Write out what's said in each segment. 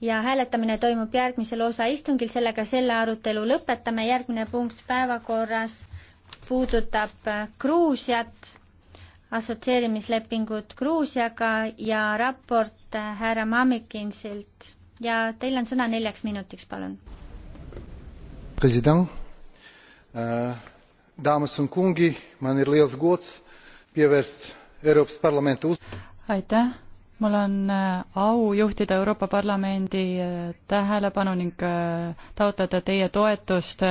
ja hääletamine toimub järgmisel osaistungil, sellega selle arutelu lõpetame, järgmine punkt päevakorras puudutab äh, Gruusiat, assotsieerimislepingut Gruusiaga ja raport äh, härra Mamikinsilt ja teil on sõna neljaks minutiks, palun. president äh,, daamid ja kungi, ma olen Liias Goots, Pievest Euroopa Parlamenti. aitäh mul on äh, au juhtida Euroopa Parlamendi äh, tähelepanu ning äh, taotleda teie toetust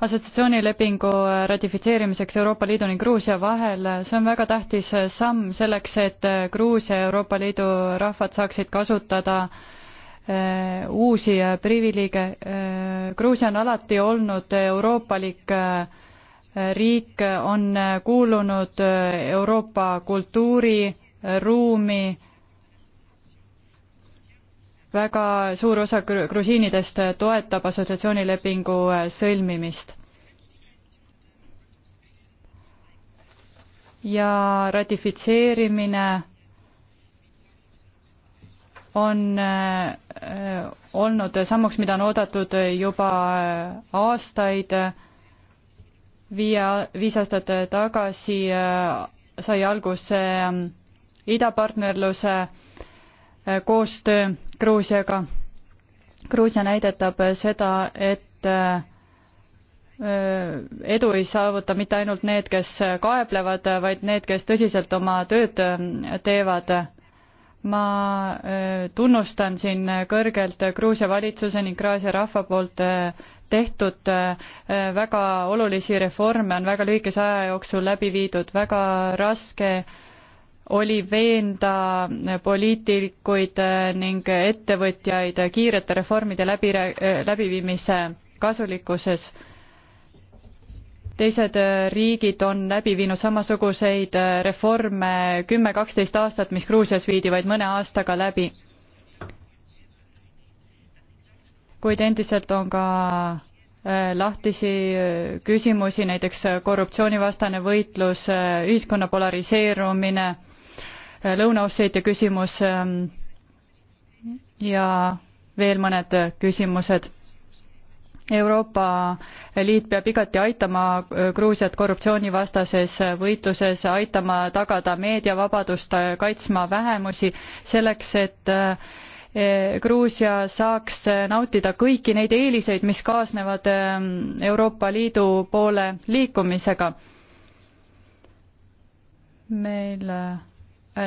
assotsiatsioonilepingu ratifitseerimiseks Euroopa Liidu ning Gruusia vahel, see on väga tähtis samm selleks, et Gruusia ja Euroopa Liidu rahvad saaksid kasutada uusi privileege. Gruusia on alati olnud euroopalik riik, on kuulunud Euroopa kultuuriruumi väga suur osa grusiinidest toetab assotsiatsioonilepingu äh, sõlmimist. ja ratifitseerimine on äh, olnud sammuks, mida on oodatud juba äh, aastaid. viie, viis aastat tagasi sai alguse idapartnerluse Äh, koostöö Gruusiaga. Gruusia näidetab seda, et äh, äh, edu ei saavuta mitte ainult need, kes kaeblevad, vaid need, kes tõsiselt oma tööd teevad. ma tunnustan siin kõrgelt Gruusia valitsuse ning Gruusia rahva poolt tehtud väga olulisi reforme on väga lühikese aja jooksul läbi viidud, väga raske oli veenda poliitikuid ning ettevõtjaid kiirete reformide läbi, läbiviimise kasulikkuses. teised riigid on läbi viinud samasuguseid reforme kümme, kaksteist aastat, mis Gruusias viidi vaid mõne aastaga läbi. kuid endiselt on ka äh, lahtisi küsimusi, näiteks korruptsioonivastane võitlus, äh, ühiskonna polariseerumine Lõuna-Osseetia küsimus ähm, ja veel mõned küsimused. Euroopa Liit peab igati aitama äh, Gruusiat korruptsioonivastases äh, võitluses, aitama tagada meediavabadust, äh, kaitsma vähemusi, selleks et Gruusia saaks nautida kõiki neid eeliseid, mis kaasnevad ähm, Euroopa Liidu poole liikumisega. meil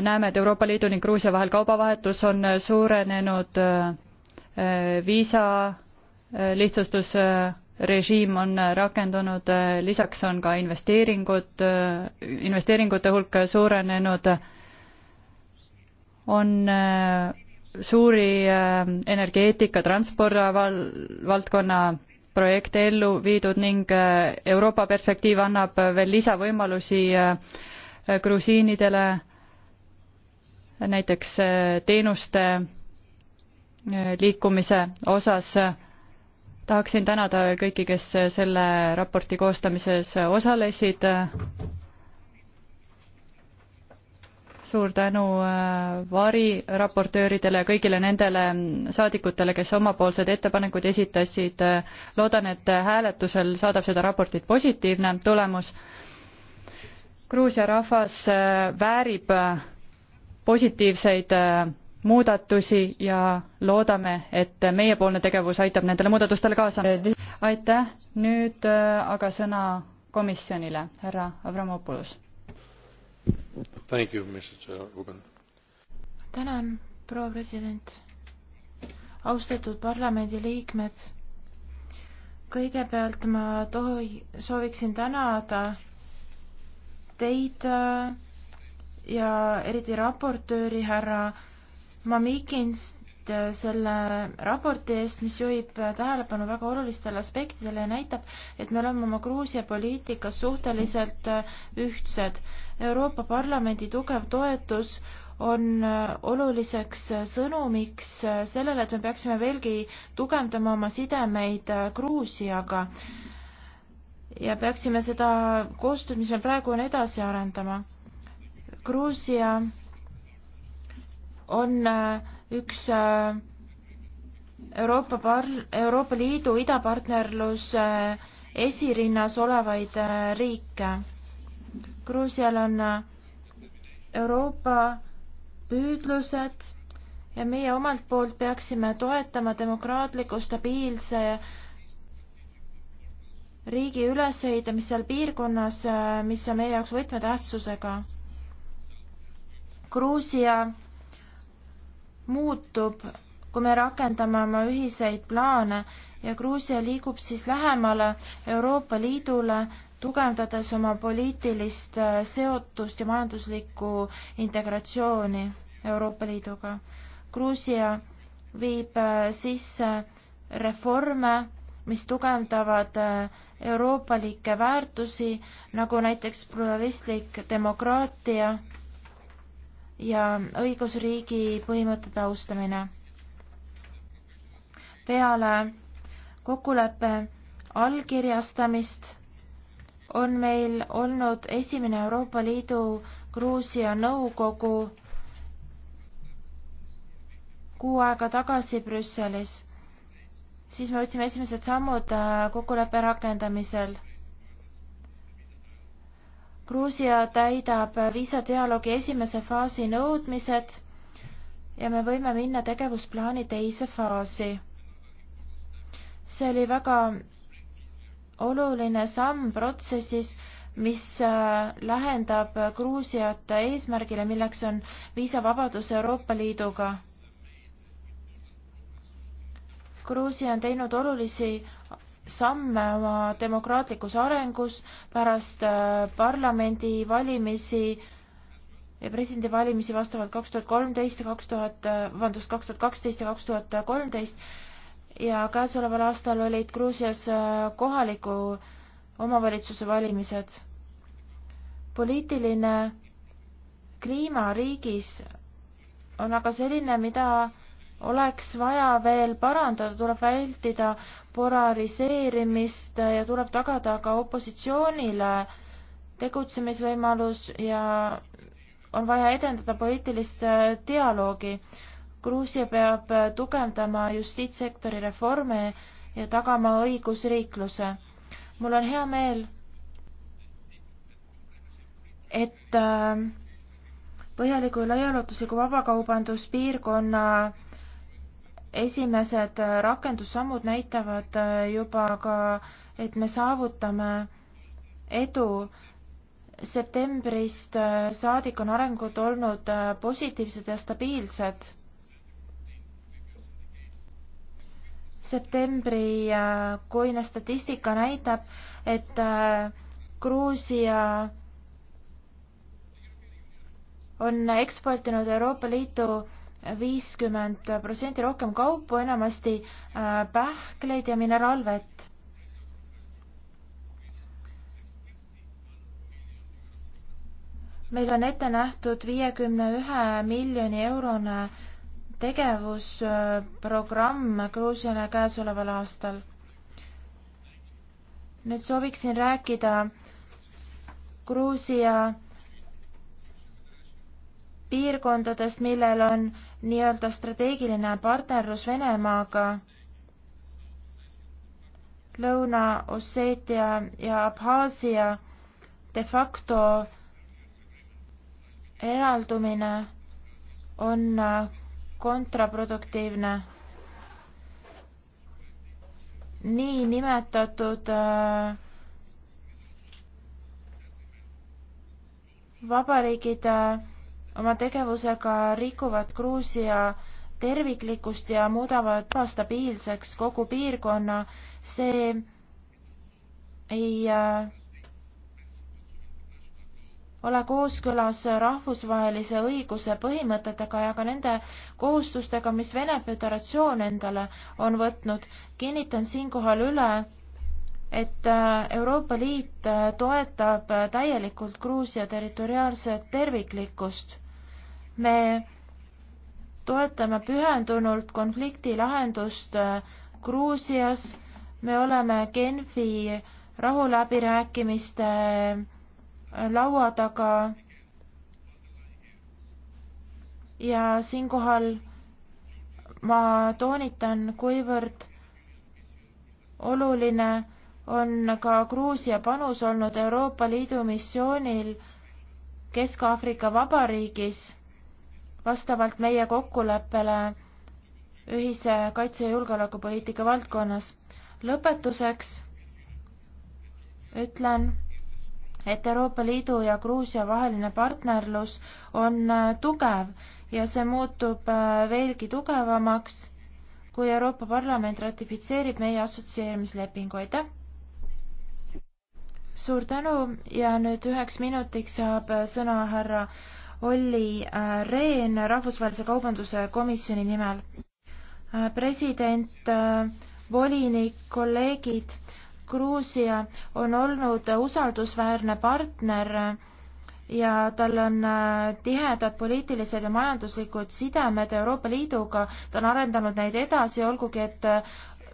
näeme, et Euroopa Liidu ning Gruusia vahel kaubavahetus on suurenenud, äh, viisa äh, lihtsustusrežiim on rakendunud, äh, lisaks on ka investeeringud, investeeringute hulk suurenenud, on suuri energeetika, transpordi val-, valdkonna projekte ellu viidud ning Euroopa perspektiiv annab veel lisavõimalusi grusiinidele näiteks äh, teenuste äh, liikumise osas tahaksin tänada kõiki, kes selle raporti koostamises osalesid. suur tänu äh, variraportööridele ja kõigile nendele saadikutele, kes omapoolsed ettepanekud esitasid. loodan, et hääletusel saadab seda raportit positiivne tulemus. Gruusia rahvas väärib positiivseid äh, muudatusi ja loodame, et meiepoolne tegevus aitab nendele muudatustele kaasa. aitäh, nüüd äh, aga sõna komisjonile, härra Avramopoulos. tänan, proua president. austatud parlamendiliikmed, kõigepealt ma tohi, sooviksin tänada teid äh, ja eriti raportööri härra Mamikinst äh, selle raporti eest, mis juhib äh, tähelepanu väga olulistele aspektidele ja näitab, et me oleme oma Gruusia poliitikas suhteliselt äh, ühtsed. Euroopa Parlamendi tugev toetus on oluliseks sõnumiks sellele, et me peaksime veelgi tugevdama oma sidemeid Gruusiaga ja peaksime seda koostööd, mis me praegu on, edasi arendama Gruusia on äh, üks äh, Euroopa par-, Euroopa Liidu idapartnerluse äh, esirinnas olevaid riike. Gruusial on Euroopa püüdlused ja meie omalt poolt peaksime toetama demokraatliku stabiilse riigi ülesehitamist seal piirkonnas, mis on meie jaoks võtmetähtsusega Gruusia muutub, kui me rakendame oma ühiseid plaane ja Gruusia liigub siis lähemale Euroopa Liidule, tugevdades oma poliitilist äh, seotust ja majanduslikku integratsiooni Euroopa Liiduga. Gruusia viib äh, sisse reforme, mis tugevdavad äh, euroopalikke väärtusi, nagu näiteks pluralistlik demokraatia ja õigusriigi põhimõtete austamine. peale kokkuleppe allkirjastamist on meil olnud esimene Euroopa Liidu Gruusia nõukogu kuu aega tagasi Brüsselis. siis me võtsime esimesed sammud äh, kokkuleppe rakendamisel Gruusia täidab viisadialoogi esimese faasi nõudmised ja me võime minna tegevusplaani teise faasi. see oli väga oluline samm protsessis, mis äh, lähendab Gruusiat eesmärgile, milleks on viisavabadus Euroopa Liiduga. Gruusia on teinud olulisi samme oma demokraatlikus arengus pärast äh, parlamendivalimisi ja presidendivalimisi vastavalt kaks tuhat kolmteist ja kaks tuhat, äh, vabandust, kaks tuhat kaksteist ja kaks tuhat kolmteist ja käesoleval aastal olid Gruusias äh, kohaliku omavalitsuse valimised. poliitiline kliima riigis on aga selline, mida oleks vaja veel parandada, tuleb vältida polariseerimist ja tuleb tagada ka opositsioonile tegutsemisvõimalus ja on vaja edendada poliitilist äh, dialoogi. Gruusia peab äh, tugevdama justiitssektori reforme ja tagama õigusriikluse. mul on hea meel, et äh, põhjaliku laiaulatusliku vabakaubanduspiirkonna esimesed äh, rakendussammud näitavad äh, juba ka, et me saavutame edu. septembrist äh, saadik on arengud olnud positiivsed ja stabiilsed. septembrikuine statistika näitab, et Gruusia on eksportinud Euroopa Liidu viiskümmend protsenti rohkem kaupu, enamasti äh, pähkleid ja mineraalvett. meil on ette nähtud viiekümne ühe miljoni eurone tegevusprogramm Gruusiale käesoleval aastal. nüüd sooviksin rääkida Gruusia piirkondadest, millel on nii-öelda strateegiline partnerlus Venemaaga, Lõuna-Osseetia ja Abhaasia de facto eraldumine on kontraproduktiivne. niinimetatud äh, vabariigid äh, oma tegevusega rikuvad Gruusia terviklikkust ja muudavad ebastabiilseks kogu piirkonna, see ei äh, ole kooskõlas rahvusvahelise õiguse põhimõtetega ja ka nende kohustustega, mis Vene Föderatsioon endale on võtnud. kinnitan siinkohal üle, et äh, Euroopa Liit äh, toetab äh, täielikult Gruusia territoriaalset terviklikkust. me toetame pühendunult konflikti lahendust Gruusias, me oleme Genfi rahuläbirääkimiste laua taga ja siinkohal ma toonitan, kuivõrd oluline on ka Gruusia panus olnud Euroopa Liidu missioonil Kesk-Aafrika Vabariigis vastavalt meie kokkuleppele ühise kaitse- ja julgeolekupoliitika valdkonnas. lõpetuseks ütlen, et Euroopa Liidu ja Gruusia vaheline partnerlus on äh, tugev ja see muutub äh, veelgi tugevamaks, kui Euroopa Parlament ratifitseerib meie assotsieerimislepingu, aitäh! suur tänu ja nüüd üheks minutiks saab sõna härra Olli äh, Rehn Rahvusvahelise Kaubanduse Komisjoni nimel. Äh, president, äh, volinik, kolleegid, Gruusia on olnud usaldusväärne partner ja tal on tihedad poliitilised ja majanduslikud sidemed Euroopa Liiduga, ta on arendanud neid edasi, olgugi et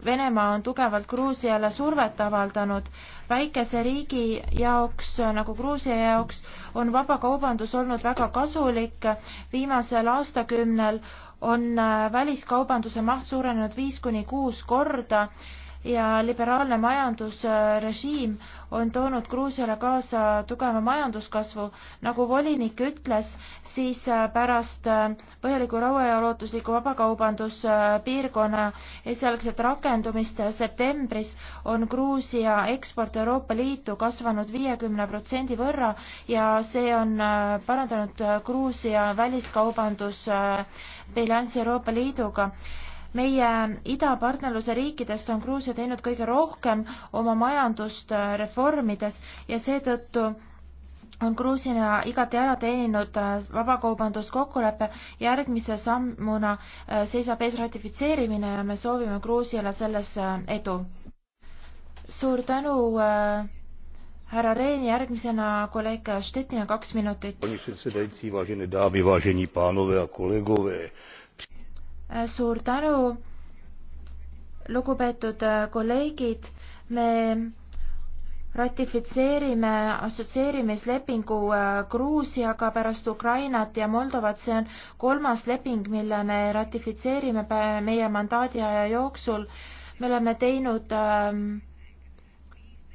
Venemaa on tugevalt Gruusiale survet avaldanud. väikese riigi jaoks nagu Gruusia jaoks on vabakaubandus olnud väga kasulik. viimasel aastakümnel on väliskaubanduse maht suurenenud viis kuni kuus korda ja liberaalne majandusrežiim on toonud Gruusiale kaasa tugeva majanduskasvu. nagu volinik ütles, siis äh, pärast äh, põhjaliku raua ja lootusliku vabakaubanduspiirkonna esialgset rakendumist septembris on Gruusia eksport Euroopa Liitu kasvanud viiekümne protsendi võrra ja see on äh, parandanud Gruusia väliskaubandusbilanssi Euroopa Liiduga meie idapartnerluse riikidest on Gruusia teinud kõige rohkem oma majandust äh, reformides ja seetõttu on Gruusia igati ära teeninud äh, vabakaubanduskokkuleppe, järgmise sammuna äh, seisab ees ratifitseerimine ja me soovime Gruusiale selles edu. suur tänu, härra Rehn, järgmisena kolleeg Štetina, kaks minutit. Äh, suur tänu, lugupeetud äh, kolleegid, me ratifitseerime assotsieerimislepingu äh, Gruusiaga pärast Ukrainat ja Moldovat, see on kolmas leping, mille me ratifitseerime meie mandaadi aja jooksul. me oleme teinud äh,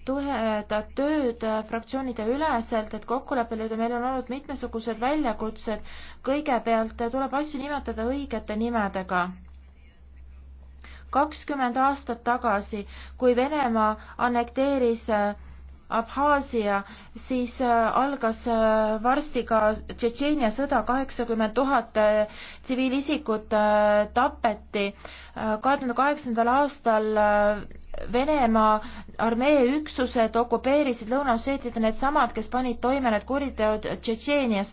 tuhedat tööd äh, fraktsioonide üleselt, et kokkuleppele jõuda, meil on olnud mitmesugused väljakutsed. kõigepealt äh, tuleb asju nimetada õigete nimedega. kakskümmend aastat tagasi, kui Venemaa annekteeris äh, Abhaasia, siis algas varsti ka Tšetšeenia sõda, kaheksakümmend tuhat tsiviilisikut tapeti. kahe tuhande kaheksandal aastal Venemaa armee üksused okupeerisid Lõuna-Osseetiat ja needsamad, kes panid toime need kuriteod Tšetšeenias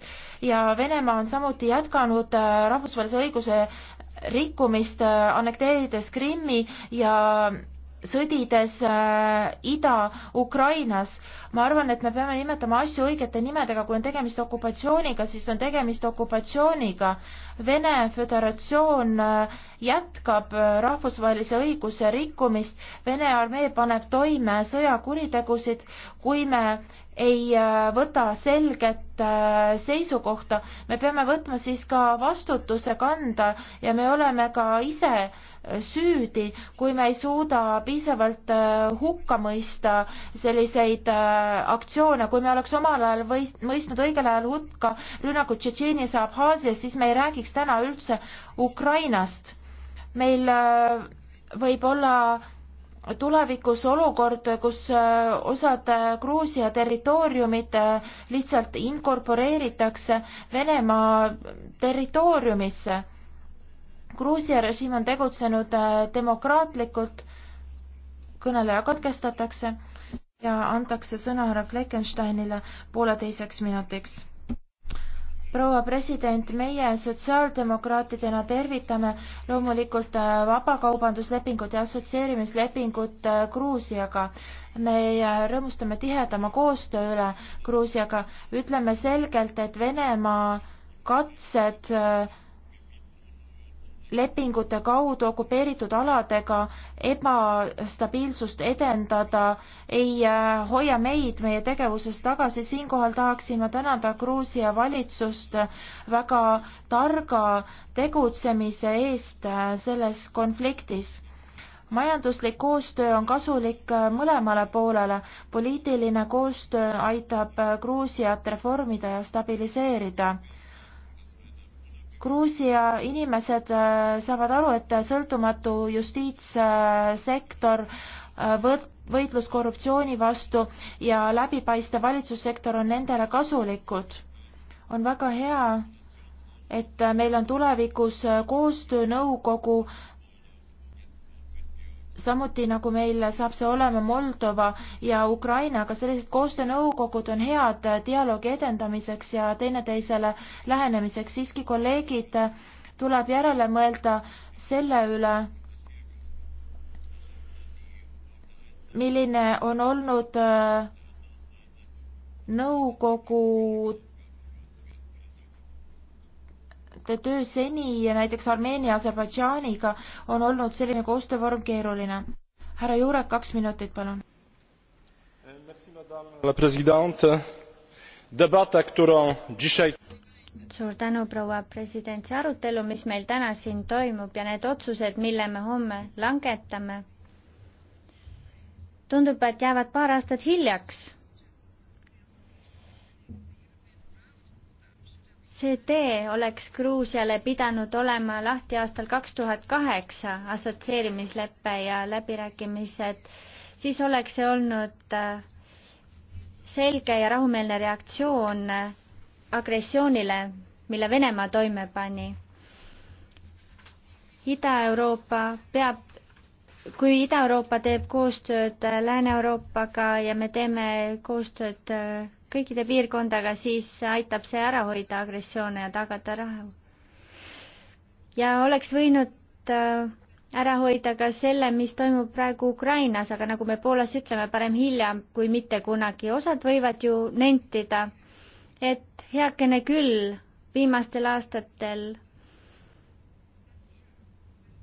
ja Venemaa on samuti jätkanud äh, rahvusvahelise õiguse rikkumist, äh, annekteerides Krimmi ja sõdides äh, Ida-Ukrainas. ma arvan, et me peame nimetama asju õigete nimedega, kui on tegemist okupatsiooniga, siis on tegemist okupatsiooniga. Vene Föderatsioon äh, jätkab äh, rahvusvahelise õiguse rikkumist, Vene armee paneb toime sõjakuritegusid, kui me ei äh, võta selget äh, seisukohta, me peame võtma siis ka vastutuse kanda ja me oleme ka ise äh, süüdi, kui me ei suuda piisavalt hukka mõista selliseid aktsioone, kui me oleks omal ajal võist, mõistnud õigel ajal hukka rünnakud Tšetšeenias ja Abhaasias, siis me ei räägiks täna üldse Ukrainast. meil võib olla tulevikus olukord, kus äh, osad äh, Gruusia territooriumid äh, lihtsalt inkorporeeritakse Venemaa territooriumisse. Gruusia režiim on tegutsenud demokraatlikult, kõneleja katkestatakse ja antakse sõna härra Fleckensteinile pooleteiseks minutiks proua president, meie sotsiaaldemokraatidena tervitame loomulikult äh, vabakaubanduslepingut ja assotsieerimislepingut äh, Gruusiaga. me äh, rõõmustame tihedama koostöö üle Gruusiaga, ütleme selgelt, et Venemaa katsed äh, lepingute kaudu okupeeritud aladega ebastabiilsust edendada, ei äh, hoia meid meie tegevusest tagasi. siinkohal tahaksin ma tänada Gruusia valitsust väga targa tegutsemise eest äh, selles konfliktis majanduslik koostöö on kasulik äh, mõlemale poolele, poliitiline koostöö aitab Gruusiat reformida ja stabiliseerida Gruusia inimesed äh, saavad aru, et sõltumatu justiitssektor äh, võitlus korruptsiooni vastu ja läbipaistev valitsussektor on nendele kasulikud. on väga hea, et äh, meil on tulevikus koostöönõukogu, samuti nagu meil saab see olema Moldova ja Ukrainaga, sellised koostöönõukogud on head dialoogi edendamiseks ja teineteisele lähenemiseks, siiski kolleegid, tuleb järele mõelda selle üle, milline on olnud äh, nõukogu et töö seni näiteks Armeenia, Aserbaidžaaniga on olnud selline koostöövorm keeruline. härra Jurek, kaks minutit, palun. suur tänu, proua president, see arutelu, mis meil täna siin toimub ja need otsused, mille me homme langetame, tundub, et jäävad paar aastat hiljaks see tee oleks Gruusiale pidanud olema lahti aastal kaks tuhat kaheksa, assotsieerimislepe ja läbirääkimised, siis oleks see olnud äh, selge ja rahumeelne reaktsioon äh, agressioonile, mille Venemaa toime pani. Ida-Euroopa peab, kui Ida-Euroopa teeb koostööd äh, Lääne-Euroopaga ja me teeme koostööd kõikide piirkondadega, siis aitab see ära hoida agressioone ja tagada rahu. ja oleks võinud äh, ära hoida ka selle, mis toimub praegu Ukrainas, aga nagu me Poolas ütleme, parem hiljem kui mitte kunagi. osad võivad ju nentida, et heakene küll, viimastel aastatel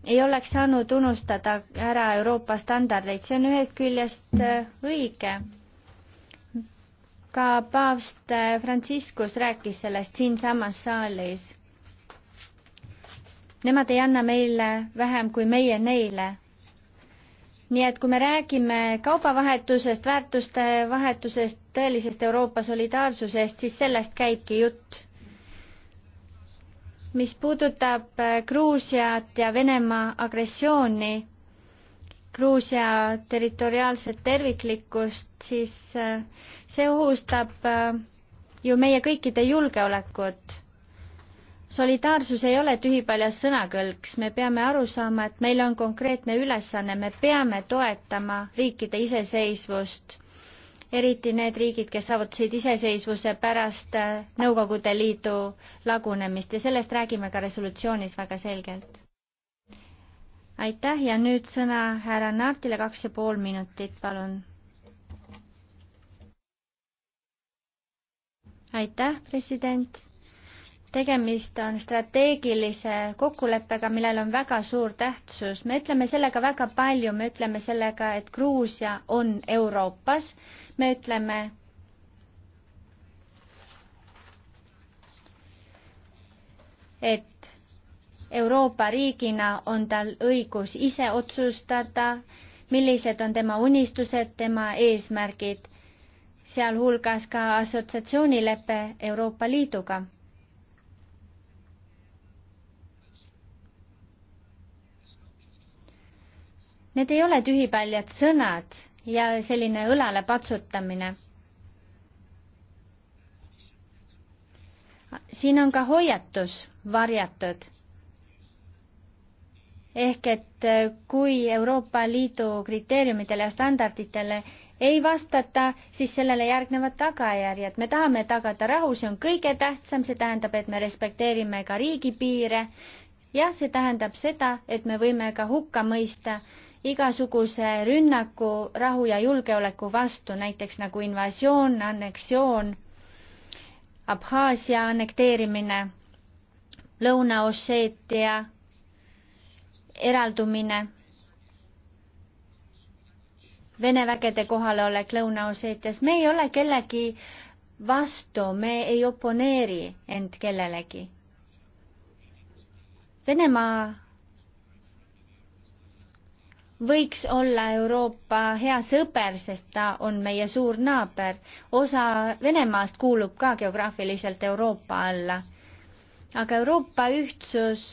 ei oleks saanud unustada ära Euroopa standardeid, see on ühest küljest äh, õige ka paavst Franciscus rääkis sellest siinsamas saalis. Nemad ei anna meile vähem kui meie neile. nii et kui me räägime kaubavahetusest, väärtuste vahetusest, tõelisest Euroopa solidaarsusest, siis sellest käibki jutt mis puudutab Gruusiat ja Venemaa agressiooni, Gruusia territoriaalset terviklikkust, siis äh, see ohustab äh, ju meie kõikide julgeolekut. solidaarsus ei ole tühipaljas sõnakõlks, me peame aru saama, et meil on konkreetne ülesanne, me peame toetama riikide iseseisvust, eriti need riigid, kes saavutasid iseseisvuse pärast äh, Nõukogude Liidu lagunemist ja sellest räägime ka resolutsioonis väga selgelt aitäh ja nüüd sõna härra Nartile, kaks ja pool minutit, palun. aitäh, president. tegemist on strateegilise kokkuleppega, millel on väga suur tähtsus. me ütleme sellega väga palju, me ütleme sellega, et Gruusia on Euroopas, me ütleme, et Euroopa riigina on tal õigus ise otsustada, millised on tema unistused, tema eesmärgid, sealhulgas ka assotsiatsioonilepe Euroopa Liiduga Need ei ole tühipaljad sõnad ja selline õlale patsutamine. siin on ka hoiatus varjatud ehk et äh, kui Euroopa Liidu kriteeriumidele ja standarditele ei vastata, siis sellele järgnevad tagajärjed. me tahame tagada rahu, see on kõige tähtsam, see tähendab, et me respekteerime ka riigipiire ja see tähendab seda, et me võime ka hukka mõista igasuguse rünnaku rahu ja julgeoleku vastu, näiteks nagu invasioon, anneksioon, Abhaasia annekteerimine, Lõuna-Osseetia eraldumine, Vene vägede kohalolek Lõuna-Osseetias, me ei ole kellegi vastu, me ei oponeeri end kellelegi. Venemaa võiks olla Euroopa hea sõber, sest ta on meie suur naaber. osa Venemaast kuulub ka geograafiliselt Euroopa alla. aga Euroopa ühtsus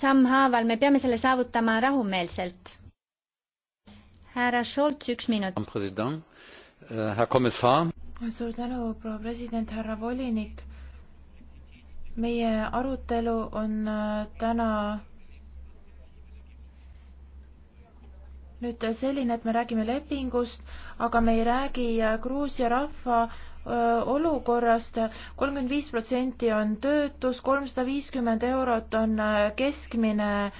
sammhaaval, me peame selle saavutama rahumeelselt. härra Scholz, üks minut. Euh, suur tänu, proua president, härra volinik. meie arutelu on äh, täna nüüd selline, et me räägime lepingust, aga me ei räägi äh, Gruusia rahva olukorrast. kolmkümmend viis protsenti on töötus, kolmsada viiskümmend eurot on keskmine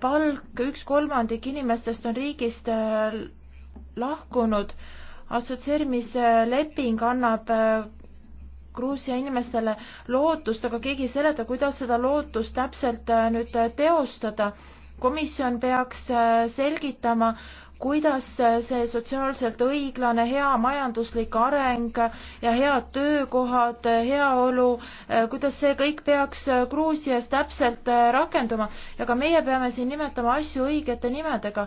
palk, üks kolmandik inimestest on riigist lahkunud. assotsieerimisleping annab Gruusia inimestele lootust, aga keegi ei seleta, kuidas seda lootust täpselt nüüd teostada. komisjon peaks selgitama, kuidas see sotsiaalselt õiglane, hea majanduslik areng ja head töökohad, heaolu, kuidas see kõik peaks Gruusias täpselt rakenduma ja ka meie peame siin nimetama asju õigete nimedega.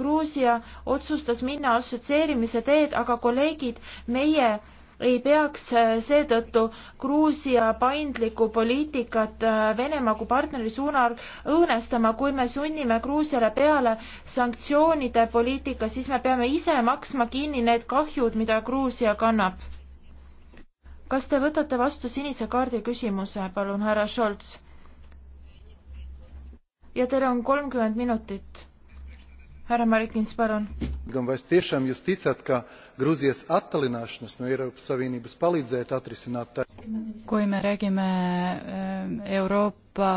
Gruusia otsustas minna assotsieerimise teed, aga kolleegid, meie ei peaks äh, seetõttu Gruusia paindlikku poliitikat äh, Venemaa kui partneri suunal õõnestama, kui me sunnime Gruusiale peale sanktsioonide poliitika, siis me peame ise maksma kinni need kahjud, mida Gruusia kannab. kas te võtate vastu sinise kaardi küsimuse, palun, härra Scholz? ja teil on kolmkümmend minutit härra Marikins, palun. gan vai es tiešām jūs ticat, ka Grūzijas attalināšanas no Eiropas Savienības palīdzētu atrisināt tā? kui me räägime eh, Euroopa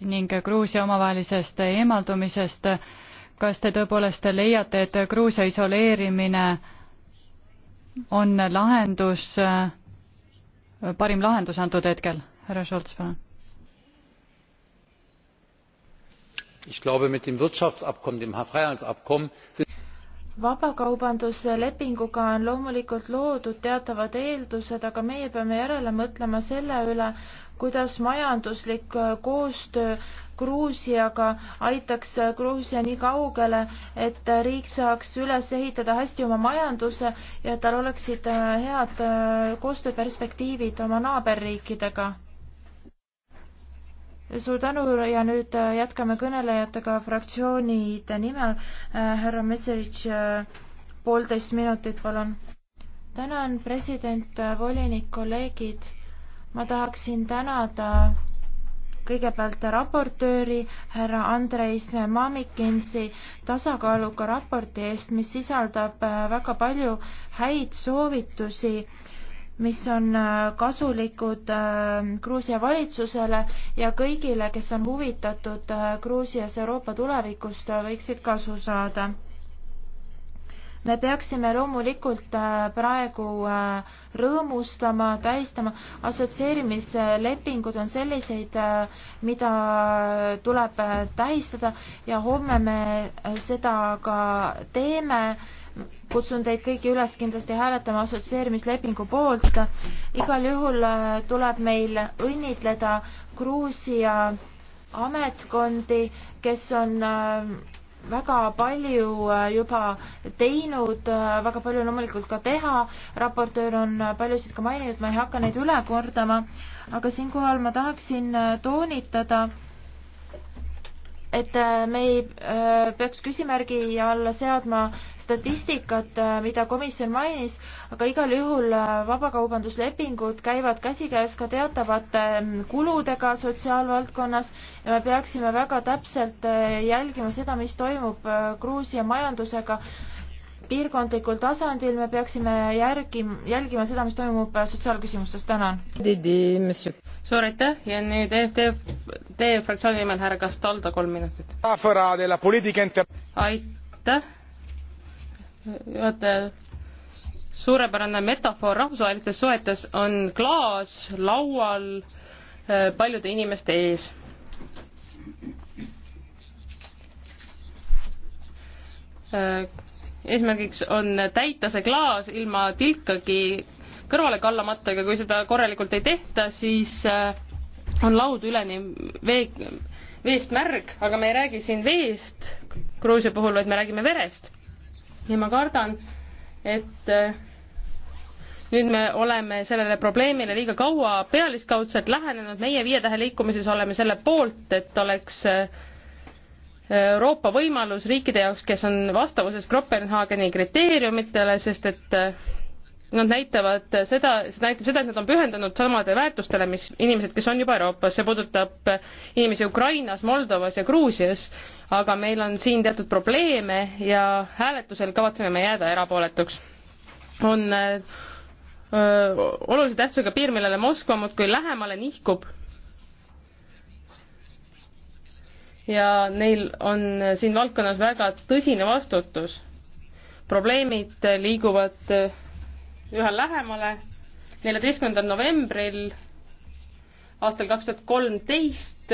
ning Gruusia omavahelisest eemaldumisest, kas te tõepoolest leiate, et Gruusia isoleerimine on lahendus, eh, parim lahendus antud hetkel? härra Šolts, palun ich glaube mit dem wirtschaftsabkommen dem freihandelsabkommen sind vabakaubanduslepinguga on loomulikult loodud teatavad eeldused, aga meie peame järele mõtlema selle üle, kuidas majanduslik äh, koostöö Gruusiaga aitaks äh, Gruusia nii kaugele, et äh, riik saaks üles ehitada hästi oma majanduse ja tal oleksid head koostööperspektiivid oma naaberriikidega suur tänu ja nüüd äh, jätkame kõnelejatega fraktsioonide nimel. Äh, härra Messerich, äh, poolteist minutit, palun. tänan, president, volinik, kolleegid. ma tahaksin tänada kõigepealt raportööri härra Andreis Mamikinsi tasakaaluka raporti eest, mis sisaldab väga palju häid soovitusi äh, mis on äh, kasulikud äh, Gruusia valitsusele ja kõigile, kes on huvitatud äh, Gruusias Euroopa tulevikust, võiksid kasu saada. me peaksime loomulikult praegu rõõmustama, tähistama, assotsieerimislepingud on selliseid, mida tuleb tähistada ja homme me seda ka teeme kutsun teid kõiki üles kindlasti hääletama assotsieerimislepingu poolt. igal juhul äh, tuleb meil õnnitleda Gruusia ametkondi, kes on äh, väga palju äh, juba teinud, väga palju on loomulikult ka teha, raportöör on paljusid ka maininud, ma ei hakka neid üle kordama, aga siinkohal ma tahaksin toonitada, et me ei peaks küsimärgi alla seadma statistikat, äh, mida komisjon mainis, aga igal juhul äh, vabakaubanduslepingud käivad käsikäes ka teatavate ähm, kuludega sotsiaalvaldkonnas ja me peaksime väga täpselt äh, jälgima seda, mis toimub Gruusia majandusega piirkondlikul tasandil me peaksime järgi, jälgima seda, mis toimub sotsiaalküsimustes, tänan. suur aitäh ja nüüd EFD, teie fraktsiooni nimel härra Castaldo, kolm minutit. aitäh, vaata, suurepärane metafoor rahvusvahelistes suhetes on klaas laual eh, paljude inimeste ees. Eh, eesmärgiks on täita see klaas ilma tilkagi kõrvale kallamata, aga kui seda korralikult ei tehta, siis eh, on laud üleni vee, veest märg, aga me ei räägi siin veest Gruusia puhul, vaid me räägime verest ja ma kardan, et äh, nüüd me oleme sellele probleemile liiga kaua pealiskaudselt lähenenud, meie Viie Tähe liikumises oleme selle poolt, et oleks äh, Euroopa võimalus riikide jaoks, kes on vastavuses Kopenhaageni kriteeriumitele, sest et äh, nad näitavad seda, see näitab seda, et nad on pühendunud samadele väärtustele, mis inimesed, kes on juba Euroopas, see puudutab inimesi Ukrainas, Moldovas ja Gruusias aga meil on siin teatud probleeme ja hääletusel kavatseme me jääda erapooletuks. on öö, äh, olulise tähtsusega piir, millele Moskva muudkui lähemale nihkub. ja neil on siin valdkonnas väga tõsine vastutus. probleemid liiguvad äh, üha lähemale. neljateistkümnendal novembril aastal kaks tuhat kolmteist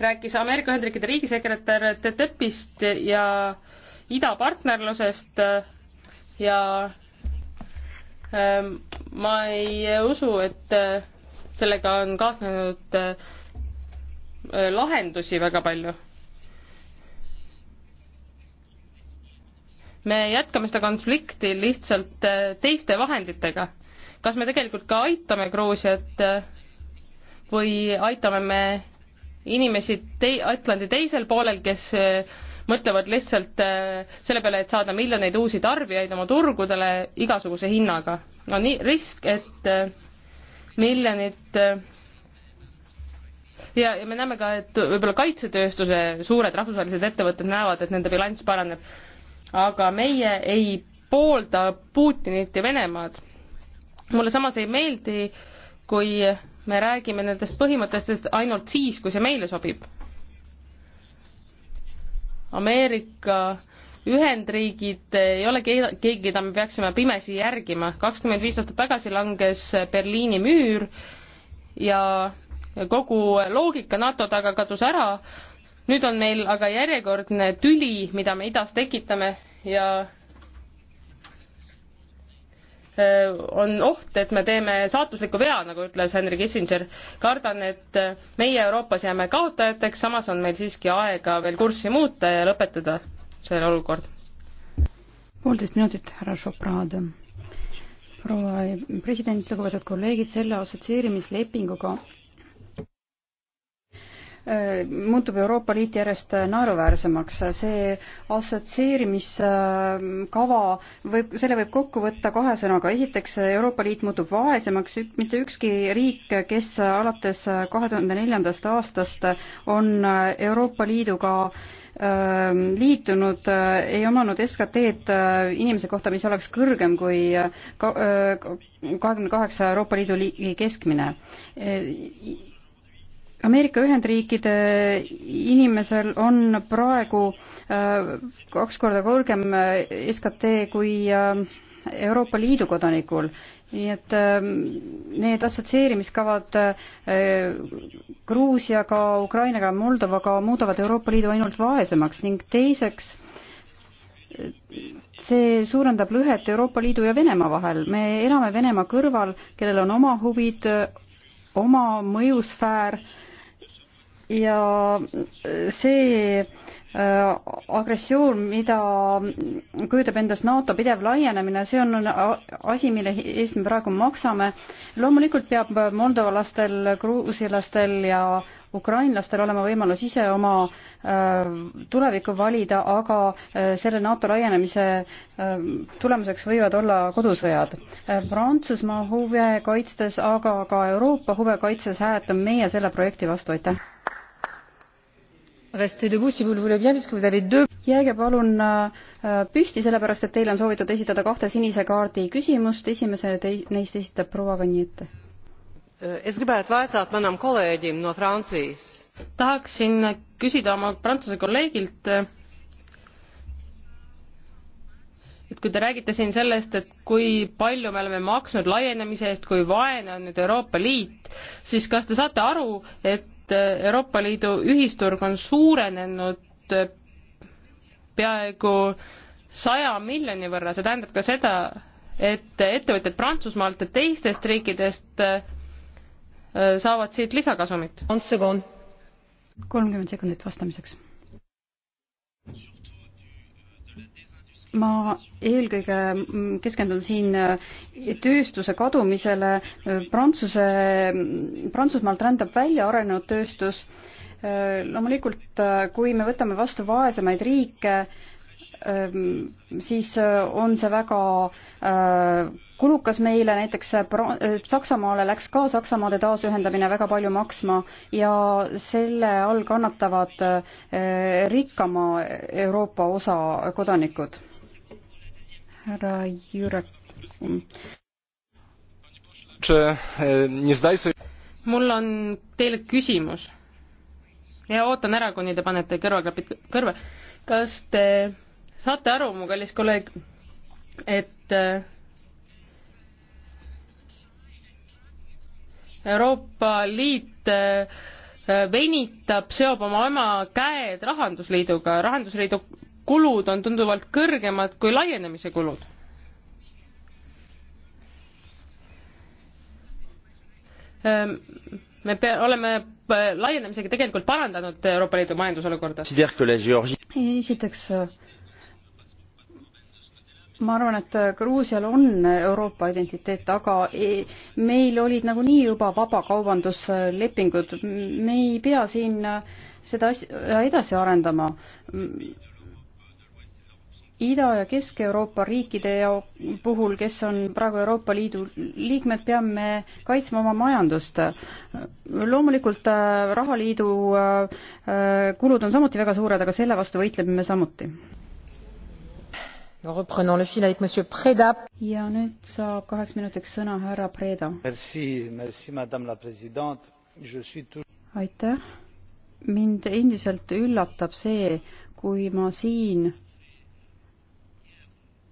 rääkis Ameerika Ühendriikide riigisekretär TTIP-ist ja idapartnerlusest ja ähm, ma ei usu, et äh, sellega on kaasnenud äh, lahendusi väga palju. me jätkame seda konflikti lihtsalt äh, teiste vahenditega. kas me tegelikult ka aitame Gruusiat või aitame me inimesi tei-, Atlandi teisel poolel, kes äh, mõtlevad lihtsalt äh, selle peale, et saada miljoneid uusi tarbijaid oma turgudele igasuguse hinnaga. on nii, risk, et äh, miljonid ja, ja me näeme ka, et võib-olla kaitsetööstuse suured rahvusvahelised ettevõtted näevad, et nende bilanss paraneb. aga meie ei poolda Putinit ja Venemaad. mulle samas ei meeldi, kui me räägime nendest põhimõtetest ainult siis, kui see meile sobib. Ameerika Ühendriigid ei ole keegi, keda me peaksime pimesi järgima. kakskümmend viis aastat tagasi langes Berliini müür ja kogu loogika NATO taga kadus ära. nüüd on meil aga järjekordne tüli, mida me idas tekitame ja Äh, on oht, et me teeme saatusliku vea, nagu ütles Henry Kissinger. kardan, et äh, meie Euroopas jääme kaotajateks, samas on meil siiski aega veel kurssi muuta ja lõpetada see olukord. poolteist minutit, härra Šoprad. proua president, lugupeetud kolleegid, selle assotsieerimislepinguga muutub Euroopa Liit järjest naeruväärsemaks. see assotsieerimiskava võib, selle võib kokku võtta kahe sõnaga. esiteks, Euroopa Liit muutub vaesemaks, mitte ükski riik, kes alates kahe tuhande neljandast aastast on Euroopa Liiduga ähm, liitunud, äh, ei omanud SKT-d äh, inimese kohta, mis oleks kõrgem kui äh, kahekümne kaheksa Euroopa Liidu liigi keskmine Ameerika Ühendriikide inimesel on praegu äh, kaks korda kõrgem äh, SKT kui äh, Euroopa Liidu kodanikul. nii et ähm, need assotsieerimiskavad Gruusiaga, Ukrainaga, Moldovaga muudavad Euroopa Liidu ainult vaesemaks ning teiseks see suurendab lõhet Euroopa Liidu ja Venemaa vahel. me elame Venemaa kõrval, kellel on oma huvid, oma mõjusfäär ja see äh, agressioon, mida kujutab endast NATO pidev laienemine, see on asi, mille eest me praegu maksame. loomulikult peab Moldova lastel, gruusilastel ja ukrainlastel olema võimalus ise oma äh, tulevikku valida, aga äh, selle NATO laienemise tulemuseks võivad olla kodusõjad. Prantsusmaa huve kaitstes, aga ka Euroopa huve kaitstes hääletame meie selle projekti vastu, aitäh! jääge palun äh, äh, püsti, sellepärast et teile on soovitud esitada kahte sinise kaardi küsimust, esimese neist esitab proua Vaniete. Äh, tahaksin küsida oma prantsuse kolleegilt, et kui te räägite siin sellest, et kui palju me oleme maksnud laienemise eest, kui vaene on nüüd Euroopa Liit, siis kas te saate aru, et et äh, Euroopa Liidu ühisturg on suurenenud äh, peaaegu saja miljoni võrra, see tähendab ka seda, et ettevõtjad Prantsusmaalt ja teistest riikidest äh, saavad siit lisakasumit. kolmkümmend sekundit vastamiseks ma eelkõige keskendun siin äh, tööstuse kadumisele. Äh, Prantsuse, äh, Prantsusmaalt rändab välja arenenud tööstus. loomulikult, kui me võtame vastu vaesemaid riike, siis on see väga kulukas meile, näiteks Saksamaale läks ka Saksamaade taasühendamine väga palju maksma ja selle all kannatavad rikkama Euroopa osa kodanikud härra Jürek. E, mul on teile küsimus ja ootan ära, kuni te panete kõrvaklapid kõrva. kas te saate aru, mu kallis kolleeg, et äh, Euroopa Liit äh, venitab, seob oma oma käed Rahandusliiduga, Rahandusliidu kulud on tunduvalt kõrgemad kui laienemise kulud. Ehm, me pea, oleme laienemisega tegelikult parandanud Euroopa Liidu majandusolukorda. esiteks ma arvan, et Gruusial on Euroopa identiteet, aga e-, meil olid nagunii juba vabakaubanduslepingud, me ei pea siin seda asja edasi arendama. Ida- ja Kesk-Euroopa riikide ja puhul, kes on praegu Euroopa Liidu liikmed, peame kaitsma oma majandust. loomulikult äh, rahaliidu äh, äh, kulud on samuti väga suured, aga selle vastu võitleme me samuti. ja nüüd saab kaheks minutiks sõna härra Preda. aitäh, mind endiselt üllatab see, kui ma siin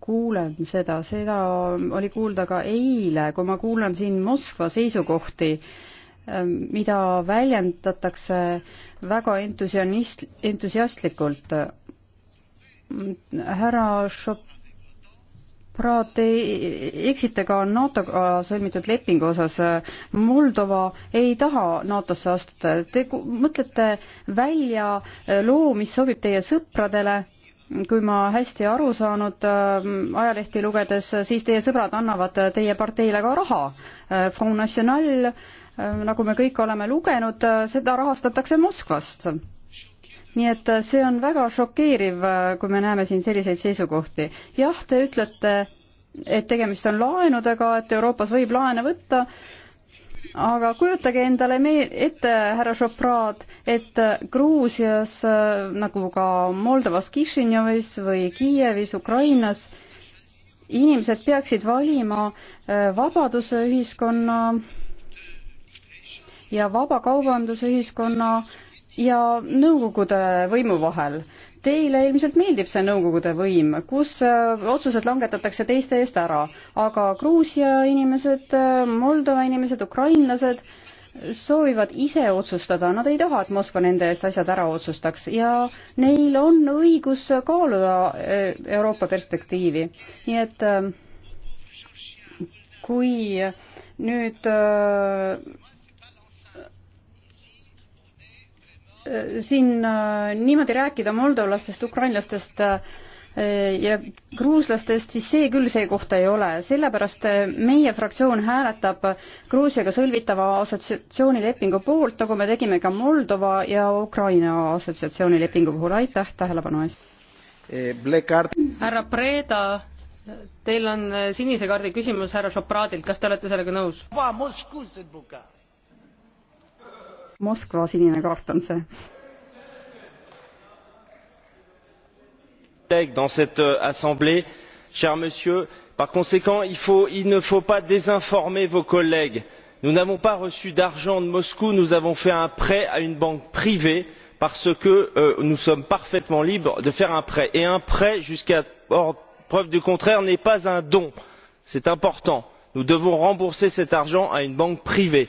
kuulen seda, seda oli kuulda ka eile, kui ma kuulan siin Moskva seisukohti, ähm, mida väljendatakse väga entusianist, entusiastlikult. härra Šop-, Praad, te eksite ka NATO-ga sõlmitud lepingu osas. Moldova ei taha NATO-sse astuda. Te mõtlete välja loo, mis sobib teie sõpradele kui ma hästi aru saanud äh, ajalehti lugedes, äh, siis teie sõbrad annavad äh, teie parteile ka raha. Front National, nagu me kõik oleme lugenud, seda rahastatakse Moskvast. nii et see on väga šokeeriv, kui me näeme siin selliseid seisukohti. jah, te ütlete, et tegemist on laenudega, et Euroopas võib laene võtta aga kujutage endale me-, ette, härra Šopraad, et äh, Gruusias äh, nagu ka Moldovas, Kišinjovis või Kiievis, Ukrainas inimesed peaksid valima äh, vabaduse ühiskonna ja vabakaubanduse ühiskonna ja Nõukogude võimu vahel. Teile ilmselt meeldib see Nõukogude võim, kus äh, otsused langetatakse teiste eest ära, aga Gruusia inimesed, äh, Moldova inimesed, ukrainlased soovivad ise otsustada, nad ei taha, et Moskva nende eest asjad ära otsustaks ja neil on õigus kaaluda äh, Euroopa perspektiivi. nii et kui nüüd siin äh, niimoodi rääkida moldovlastest, ukrainlastest äh, ja gruuslastest, siis see küll see koht ei ole, sellepärast äh, meie fraktsioon hääletab Gruusiaga sõlmitava assotsiatsioonilepingu poolt, nagu me tegime ka Moldova ja Ukraina assotsiatsioonilepingu puhul, aitäh tähelepanu eest! Eh, härra Preda, teil on sinise kaardi küsimus härra Šopradilt, kas te olete sellega nõus? Moskva sinine kaart on see. dans cette euh, assemblée cher monsieur par conséquent il, faut, il ne faut pas désinformer vos collègues nous n'avons pas reçu d'argent de moscou nous avons fait un prêt à une banque privée parce que euh, nous sommes parfaitement libres de faire un prêt et un prêt jusqu'à preuve du contraire n'est pas un don c'est important nous devons rembourser cet argent à une banque privée.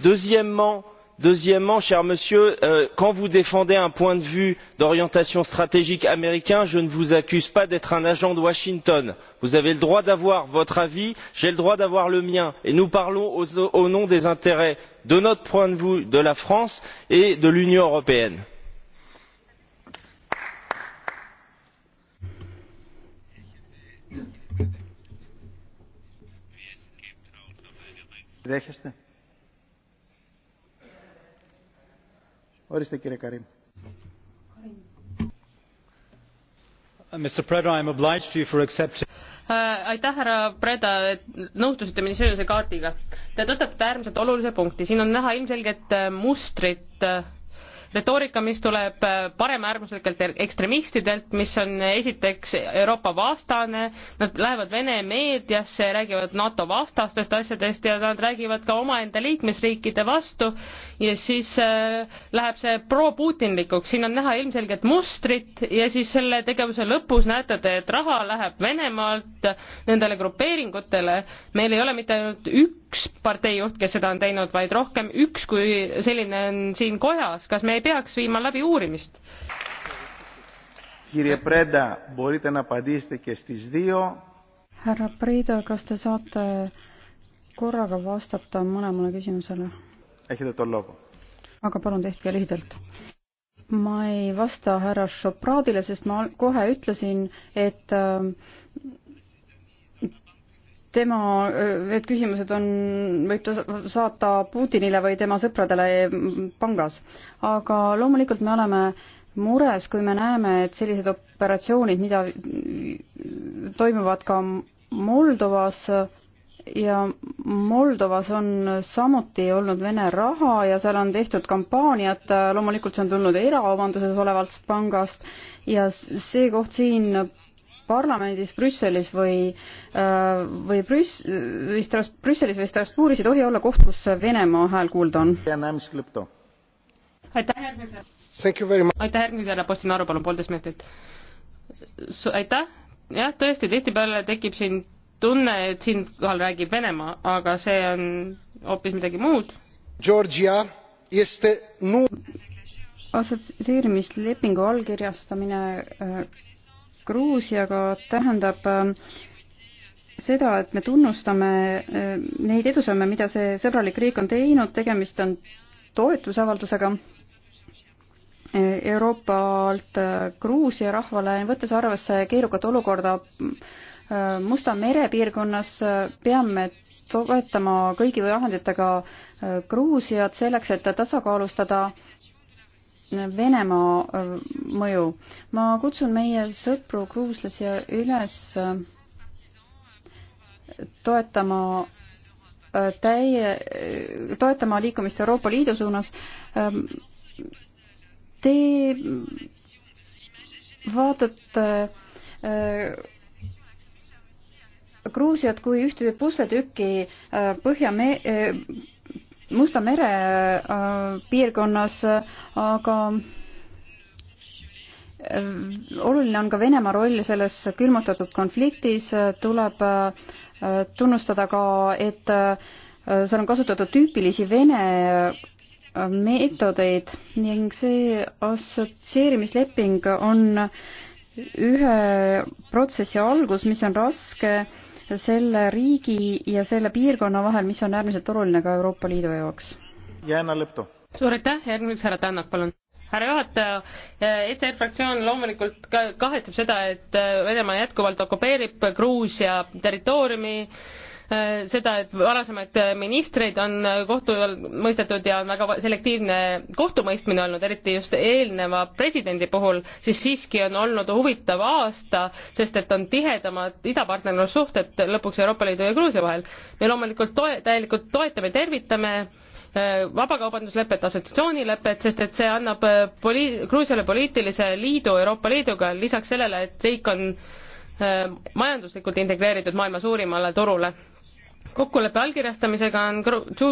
deuxièmement il deuxièmement cher monsieur euh, quand vous défendez un point de vue d'orientation stratégique américain je ne vous accuse pas d'être un agent de washington. vous avez le droit d'avoir votre avis j'ai le droit d'avoir le mien et nous parlons au nom des intérêts de notre point de vue de la france et de l'union européenne. δέχεστε; Ooriste Kire Karim. Mr Preda, I am obliged to you for accepting äh, aitäh, härra Preda, et nõustusite mind sööduse kaardiga. Te tõstate äärmiselt olulise punkti, siin on näha ilmselget äh, mustrit äh, retoorika, mis tuleb äh, paremäärmuslikelt er-, ekstremistidelt, mis on äh, esiteks Euroopa vastane, nad lähevad Vene meediasse, räägivad NATO vastastest asjadest ja nad räägivad ka omaenda liikmesriikide vastu ja siis äh, läheb see pro-Putinlikuks, siin on näha ilmselgelt mustrit ja siis selle tegevuse lõpus näete te, et raha läheb Venemaalt nendele grupeeringutele, meil ei ole mitte ainult üks üks parteijuht, kes seda on teinud, vaid rohkem üks kui selline on siin kojas, kas me ei peaks viima läbi uurimist? härra Preda, kas te saate korraga vastata mõlemale küsimusele? aga palun tehke lühidalt ma ei vasta härra Šopradile, sest ma kohe ütlesin, et äh, tema, need küsimused on, võib ta saata Putinile või tema sõpradele pangas. aga loomulikult me oleme mures, kui me näeme, et sellised operatsioonid, mida toimuvad ka Moldovas ja Moldovas on samuti olnud Vene raha ja seal on tehtud kampaaniat, loomulikult see on tulnud eraomanduses olevast pangast ja see koht siin parlamendis Brüsselis või, äh, või Brüss-, või Stras-, Brüsselis või Strasbourgis ei tohi olla koht, kus Venemaa hääl kuulda on. aitäh järgmisele. aitäh järgmisele, Postin Aru, palun poolteist minutit. aitäh, jah, tõesti, tihtipeale tekib siin tunne, et siinkohal räägib Venemaa, aga see on hoopis midagi muud. Georgia este nu assotsieerimislepingu allkirjastamine äh, Gruusiaga tähendab ähm, seda, et me tunnustame äh, neid edusamme, mida see sõbralik riik on teinud, tegemist on toetusavaldusega äh, Euroopalt äh, Gruusia rahvale, võttes arvesse keerukat olukorda Musta mere piirkonnas, peame toetama kõigi vahenditega Gruusiat selleks, et tasakaalustada äh, Venemaa äh, mõju. ma kutsun meie sõpru gruuslasi üles äh, toetama äh, täie, toetama liikumist Euroopa Liidu suunas. Ähm, te vaatate Gruusiat kui ühte pusletükki Põhja-Ameerika Musta mere äh, piirkonnas, äh, aga äh, oluline on ka Venemaa roll selles külmutatud konfliktis, tuleb tunnustada ka, et seal on kasutatud tüüpilisi Vene meetodeid ning see assotsieerimisleping on ühe protsessi algus, mis on raske selle riigi ja selle piirkonna vahel, mis on äärmiselt oluline ka Euroopa Liidu jaoks. suur aitäh, järgmiseks härra Tänak, palun härra juhataja, ECR fraktsioon loomulikult kahetseb seda, et Venemaa jätkuvalt okupeerib Gruusia territooriumi äh, seda, et varasemaid ministreid on kohtu all mõistetud ja on väga selektiivne kohtumõistmine olnud, eriti just eelneva presidendi puhul, siis siiski on olnud huvitav aasta, sest et on tihedamad idapartnerlussuhted lõpuks Euroopa Liidu ja Gruusia vahel. me loomulikult toe-, täielikult toetame, tervitame äh, vabakaubanduslepet, assotsiatsioonilepet, sest et see annab äh, poli-, Gruusiale poliitilise liidu Euroopa Liiduga, lisaks sellele, et riik on äh, majanduslikult integreeritud maailma suurimale turule kokkuleppe allkirjastamisega on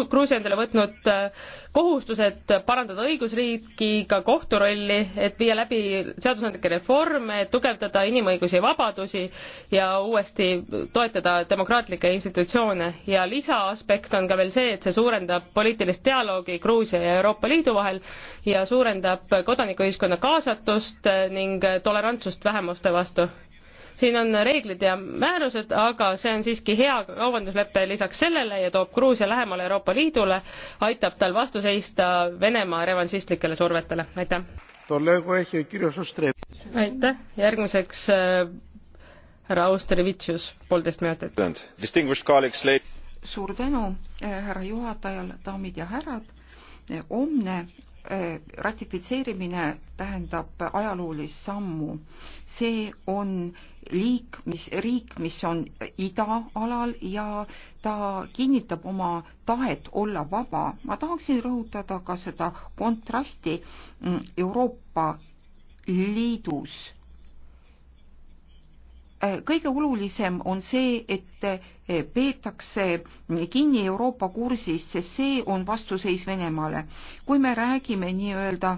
Gruusia endale võtnud äh, kohustused parandada õigusriiki, ka kohtu rolli, et viia läbi seadusandlikke reforme, tugevdada inimõigusi ja vabadusi ja uuesti toetada demokraatlikke institutsioone. ja lisaaspekt on ka veel see, et see suurendab poliitilist dialoogi Gruusia ja Euroopa Liidu vahel ja suurendab kodanikuühiskonna kaasatust äh, ning tolerantsust vähemuste vastu siin on reeglid ja määrused, aga see on siiski hea kaubanduslepe lisaks sellele ja toob Gruusia lähemale Euroopa Liidule, aitab tal vastu seista Venemaa revanšistlikele survetele, aitäh. aitäh, järgmiseks äh, härra äh, Austervitšus, poolteist minutit. suur tänu äh,, härra juhatajal, daamid ja härrad omne äh, ratifitseerimine tähendab ajaloolist sammu. see on liik, mis, riik, mis on idaalal ja ta kinnitab oma tahet olla vaba. ma tahaksin rõhutada ka seda kontrasti mm, Euroopa Liidus Äh, kõige olulisem on see, et äh, peetakse äh, kinni Euroopa kursist, sest see on vastuseis Venemaale. kui me räägime nii-öelda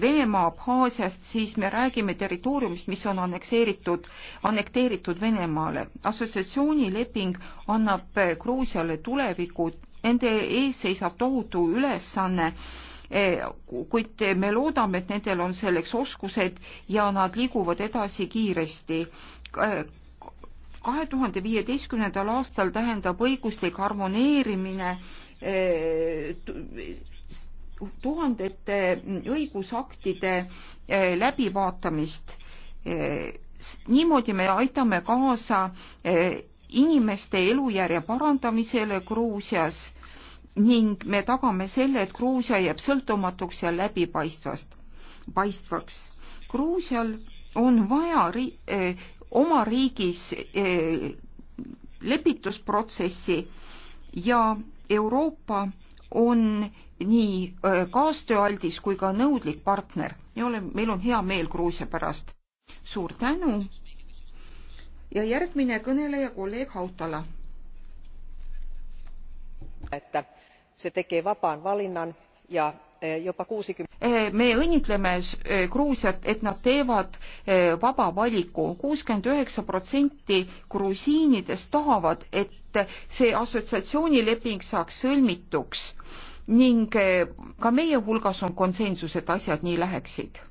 Venemaa Abhaasiast, siis me räägime territooriumist, mis on annekseeritud, annekteeritud Venemaale. assotsiatsioonileping annab Gruusiale tuleviku, nende ees seisab tohutu ülesanne Eh, kuid me loodame, et nendel on selleks oskused ja nad liiguvad edasi kiiresti eh, kahe tuhande viieteistkümnendal aastal tähendab õiguslik harmoneerimine eh, tuhandete õigusaktide läbivaatamist. niimoodi me aitame kaasa inimeste elujärje parandamisele Gruusias ning me tagame selle, et Gruusia jääb sõltumatuks ja läbipaistvast, paistvaks. Gruusial on vaja ri, öö, eh, oma riigis öö, eh, lepitusprotsessi ja Euroopa on nii eh, kaastööaldis kui ka nõudlik partner. me oleme, meil on hea meel Gruusia pärast. suur tänu. ja järgmine kõneleja, kolleeg Hautala. aitäh se tekee vapaan valinnan ja e, jopa 60 e, me õnnitleme e, Gruusiat, et nad teevad vaba valiku. kuuskümmend üheksa protsenti grusiinidest tahavad, et see assotsiatsioonileping saaks sõlmituks ning ka meie hulgas on konsensus, et asjad nii läheksid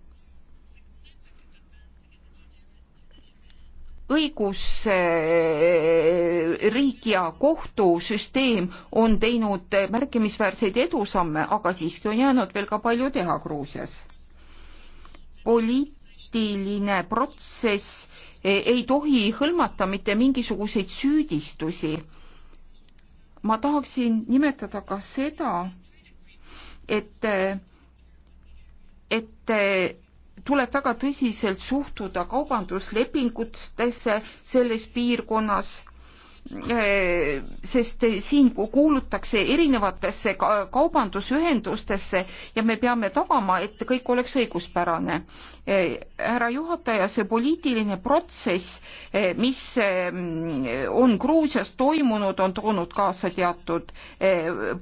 õigusriik ja kohtusüsteem on teinud märkimisväärseid edusamme, aga siiski on jäänud veel ka palju teha Gruusias. poliitiline protsess eh, ei tohi hõlmata mitte mingisuguseid süüdistusi. ma tahaksin nimetada ka seda, et, eh, et eh, tuleb väga tõsiselt suhtuda kaubanduslepingutesse selles piirkonnas eh, sest siin kuulutakse erinevatesse kaubandusühendustesse ja me peame tagama, et kõik oleks õiguspärane. Eh, härra juhataja, see poliitiline protsess, eh, mis on Gruusias toimunud, on toonud kaasa teatud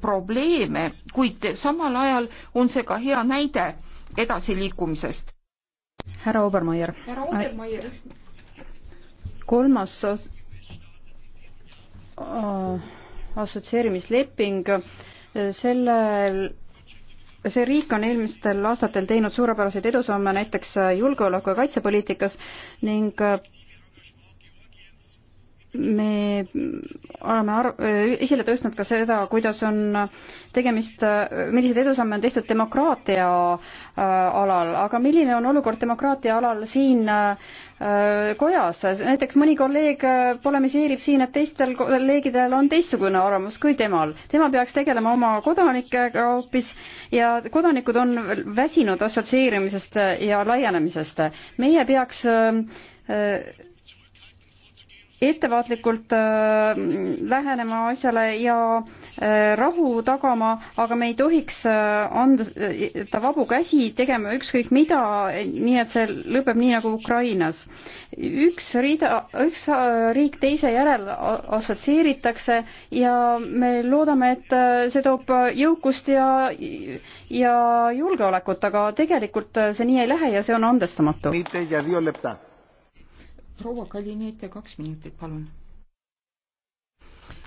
probleeme, kuid samal ajal on see ka hea näide edasiliikumisest härra Obermeier. härra Obermeier. kolmas äh, assotsieerimisleping, sellel see riik on eelmistel aastatel teinud suurepäraseid edusamme näiteks julgeoleku- ja kaitsepoliitikas ning äh, me oleme ar-, esile tõstnud ka seda, kuidas on tegemist, milliseid edusamme on tehtud demokraatia alal, aga milline on olukord demokraatia alal siin kojas, näiteks mõni kolleeg polemiseerib siin, et teistel kolleegidel on teistsugune arvamus kui temal. tema peaks tegelema oma kodanikega hoopis ja kodanikud on väsinud assotsieerimisest ja laienemisest. meie peaks äh, ettevaatlikult äh, lähenema asjale ja äh, rahu tagama, aga me ei tohiks äh, anda äh, ta vabu käsi tegema ükskõik mida, nii et see lõpeb nii nagu Ukrainas. üks rida, üks äh, riik teise järel assotsieeritakse ja me loodame, et äh, see toob jõukust ja, ja julgeolekut, aga tegelikult äh, see nii ei lähe ja see on andestamatu. mitte ja violeta proua Kalinete, kaks minutit, palun.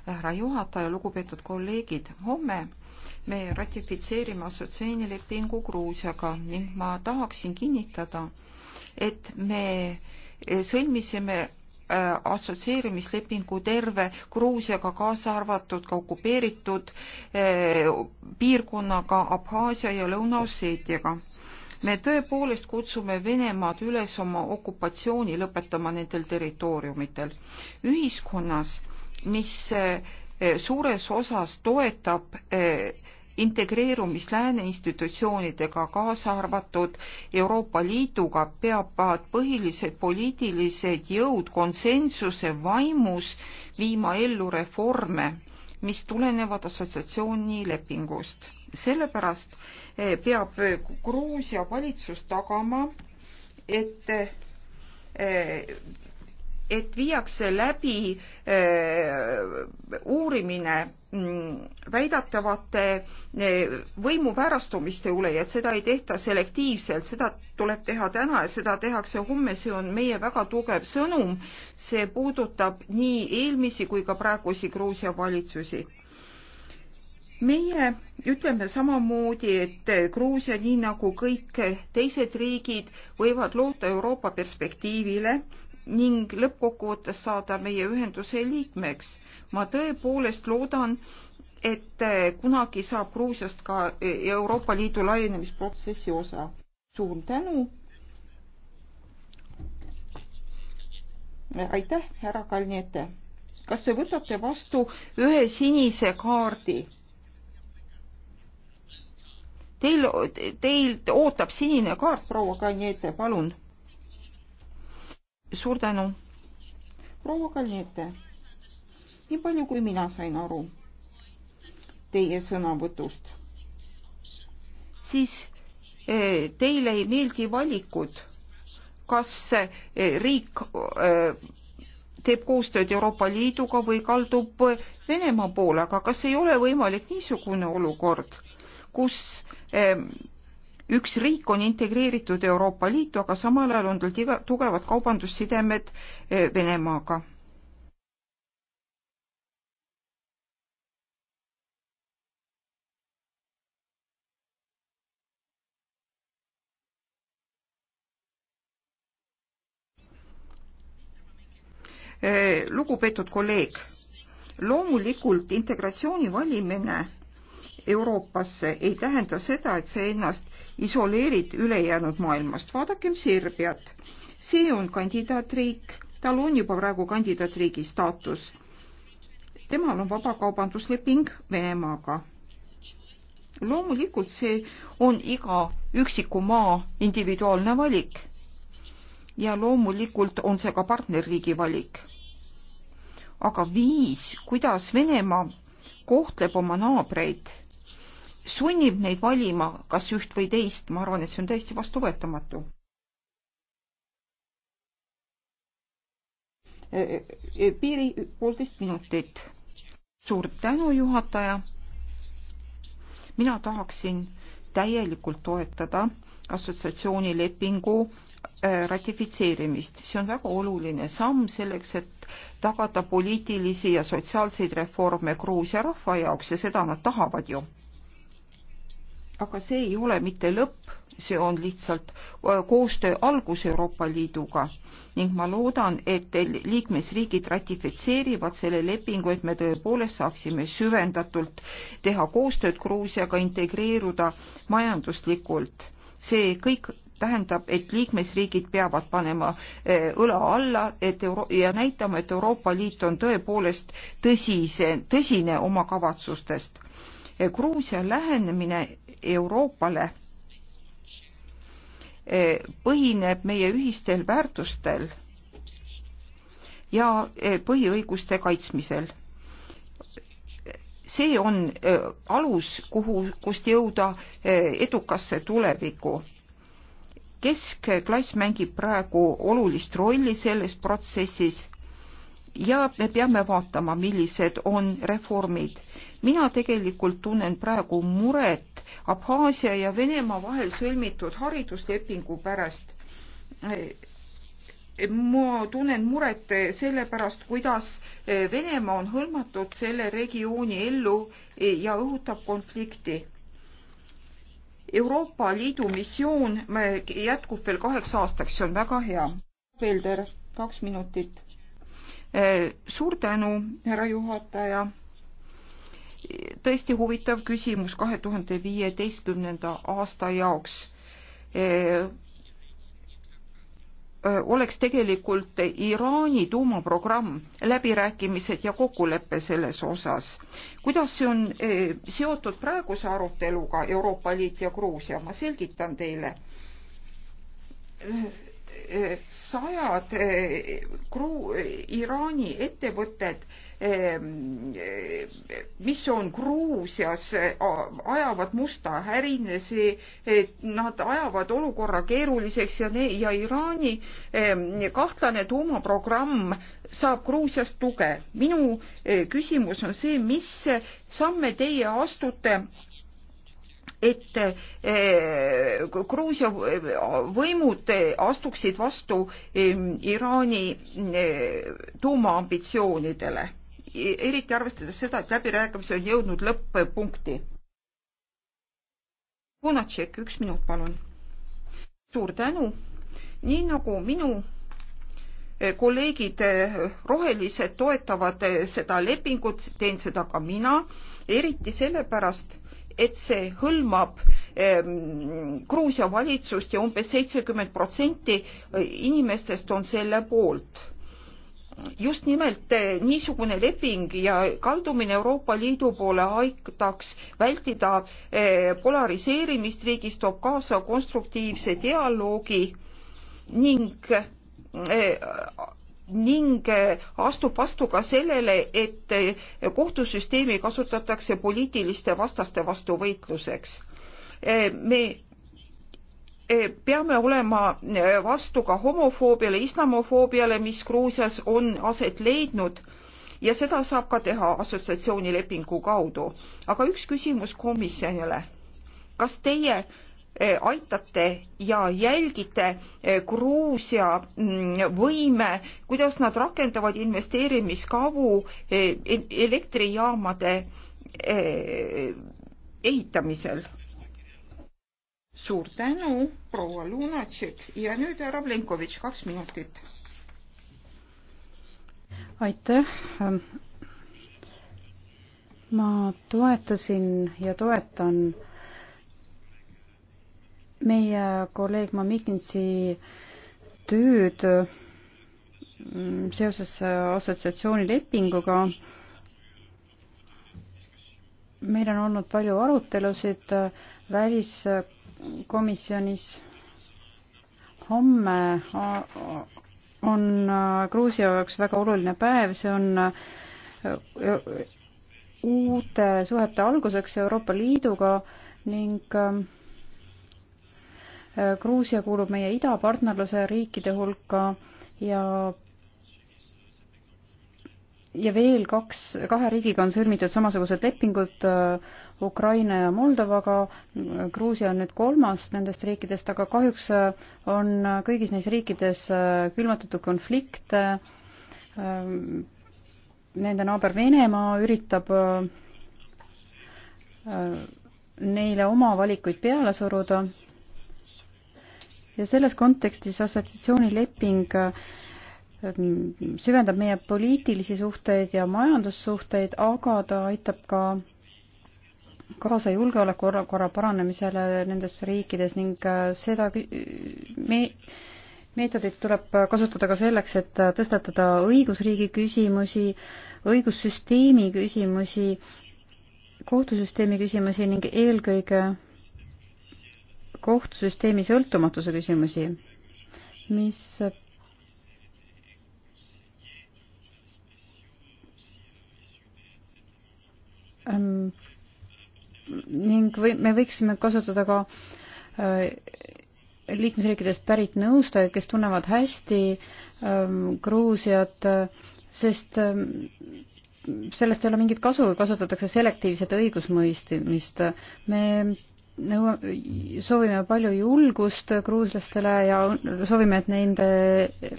härra juhataja, lugupeetud kolleegid, homme me ratifitseerime assotsieerimislepingu Gruusiaga ning ma tahaksin kinnitada, et me eh, sõlmisime eh, assotsieerimislepingu terve Gruusiaga kaasa arvatud ka okupeeritud eh, piirkonnaga Abhaasia ja Lõuna-Osseetiaga me tõepoolest kutsume Venemaad üles oma okupatsiooni lõpetama nendel territooriumitel. ühiskonnas, mis eh, suures osas toetab eh, integreerumist lääne institutsioonidega, kaasa arvatud Euroopa Liiduga, peavad põhilised poliitilised jõud konsensuse vaimus viima ellu reforme mis tulenevad assotsiatsiooni lepingust. sellepärast eh, peab eh, Gruusia valitsus tagama, et eh, et viiakse läbi eh, uurimine mm, väidetavate eh, võimu väärastumiste üle ja et seda ei tehta selektiivselt, seda tuleb teha täna ja seda tehakse homme, see on meie väga tugev sõnum. see puudutab nii eelmisi kui ka praegusi Gruusia valitsusi meie ütleme samamoodi, et Gruusia, nii nagu kõik teised riigid, võivad loota Euroopa perspektiivile ning lõppkokkuvõttes saada meie ühenduse liikmeks. ma tõepoolest loodan, et eh, kunagi saab Gruusiast ka eh, Euroopa Liidu laienemisprotsessi osa. suur tänu. aitäh, härra Kalniete. kas te võtate vastu ühe sinise kaardi? Teil, teilt ootab sinine kaart, proua Kalniete, palun suur tänu. proua Kaljete, nii palju kui mina sain aru teie sõnavõtust, siis eh, teile ei meeldi valikud, kas eh, riik eh, teeb koostööd Euroopa Liiduga või kaldub Venemaa poole, aga kas ei ole võimalik niisugune olukord, kus üks riik on integreeritud Euroopa Liitu, aga samal ajal on tal tugevad kaubandussidemed eh, Venemaaga. Eh, lugupeetud kolleeg, loomulikult integratsiooni valimine Euroopasse ei tähenda seda, et sa ennast isoleerid ülejäänud maailmast. vaadakem Serbiat. see on kandidaatriik, tal on juba praegu kandidaatriigi staatus. temal on vabakaubandusleping Venemaaga. loomulikult see on iga üksiku maa individuaalne valik. ja loomulikult on see ka partnerriigi valik. aga viis, kuidas Venemaa kohtleb oma naabreid sunnib neid valima kas üht või teist, ma arvan, et see on täiesti vastuvõetamatu. E, e, e, piiri poolteist minutit. suur tänu, juhataja. mina tahaksin täielikult toetada assotsiatsioonilepingu ratifitseerimist. see on väga oluline samm selleks, et tagada poliitilisi ja sotsiaalseid reforme Gruusia rahva jaoks ja seda nad tahavad ju aga see ei ole mitte lõpp, see on lihtsalt äh, koostöö algus Euroopa Liiduga ning ma loodan, et liikmesriigid ratifitseerivad selle lepingu, et me tõepoolest saaksime süvendatult teha koostööd Gruusiaga, integreeruda majanduslikult. see kõik tähendab, et liikmesriigid peavad panema äh, õla alla, et euro- ja näitama, et Euroopa Liit on tõepoolest tõsise, tõsine oma kavatsustest Gruusia lähenemine Euroopale eh, põhineb meie ühistel väärtustel ja eh, põhiõiguste kaitsmisel. see on eh, alus, kuhu, kust jõuda edukasse tulevikku. keskklass mängib praegu olulist rolli selles protsessis ja me peame vaatama, millised on reformid. mina tegelikult tunnen praegu muret Abhaasia ja Venemaa vahel sõlmitud hariduslepingu pärast. ma tunnen muret selle pärast, kuidas Venemaa on hõlmatud selle regiooni ellu ja õhutab konflikti Euroopa Liidu missioon jätkub veel kaheks aastaks, see on väga hea. Pelder, kaks minutit. Eh, suur tänu, härra juhataja. tõesti huvitav küsimus kahe tuhande viieteistkümnenda aasta jaoks eh, eh, oleks tegelikult Iraani tuumaprogramm, läbirääkimised ja kokkulepe selles osas. kuidas see on seotud praeguse aruteluga Euroopa Liit ja Gruusia, ma selgitan teile sajad eh, Iraani ettevõtted, eh, mis on Gruusias, eh, ajavad musta härini, see, nad ajavad olukorra keeruliseks ja, ja Iraani kahtlane tuumaprogramm saab Gruusiast tuge. minu küsimus on see, mis samme teie astute et eh, Gruusia võimud astuksid vastu eh, Iraani eh, tuumaambitsioonidele, eriti arvestades seda, et läbirääkimised on jõudnud lõpp-punkti. Punatšek, üks minut, palun. suur tänu. nii nagu minu kolleegid rohelised toetavad seda lepingut, teen seda ka mina, eriti sellepärast et see hõlmab ehm, Gruusia valitsust ja umbes seitsekümmend protsenti inimestest on selle poolt. just nimelt eh, niisugune leping ja kaldumine Euroopa Liidu poole aitaks vältida eh, polariseerimist riigis, toob kaasa konstruktiivse dialoogi ning eh, ning eh, astub vastu ka sellele, et eh, kohtusüsteemi kasutatakse poliitiliste vastaste vastu võitluseks. Eh, me peame olema vastu ka homofoobiale, islamofoobiale, mis Gruusias on aset leidnud ja seda saab ka teha assotsiatsioonilepingu kaudu. aga üks küsimus komisjonile. kas teie Äh, aitate ja jälgite äh, Gruusia mm, võime, kuidas nad rakendavad investeerimiskavu äh, e-, elektrijaamade ehitamisel. suur tänu, proua Lunatšik ja nüüd härra Plenkovitš, kaks minutit. aitäh. Ähm, ma toetasin ja toetan meie kolleeg Mamikinsi tööd mm, seoses assotsiatsioonilepinguga. meil on olnud palju arutelusid väliskomisjonis. homme on Gruusia jaoks väga oluline päev, see on e, e, uute suhete alguseks Euroopa Liiduga ning äh, Gruusia kuulub meie idapartnerluse riikide hulka ja ja veel kaks, kahe riigiga on sõlmitud samasugused lepingud, Ukraina ja Moldovaga, Gruusia on nüüd kolmas nendest riikidest, aga kahjuks on kõigis neis riikides külmutatud konflikte, nende naaber Venemaa üritab äh, neile oma valikuid peale suruda ja selles kontekstis assotsiatsioonileping ähm, süvendab meie poliitilisi suhteid ja majandussuhteid, aga ta aitab ka kaasa julgeolekukorra paranemisele nendes riikides ning äh, seda me meetodit tuleb kasutada ka selleks, et tõstatada õigusriigi küsimusi, õigussüsteemi küsimusi, kohtusüsteemi küsimusi ning eelkõige kohtusüsteemi sõltumatuse küsimusi, mis ähm, ning või me võiksime kasutada ka äh, liikmesriikidest pärit nõustajaid, kes tunnevad hästi ähm, Gruusiat äh,, sest ähm, sellest ei ole mingit kasu, kasutatakse selektiivset õigusmõistmist. me nõu-, soovime palju julgust gruuslastele ja soovime, et nende,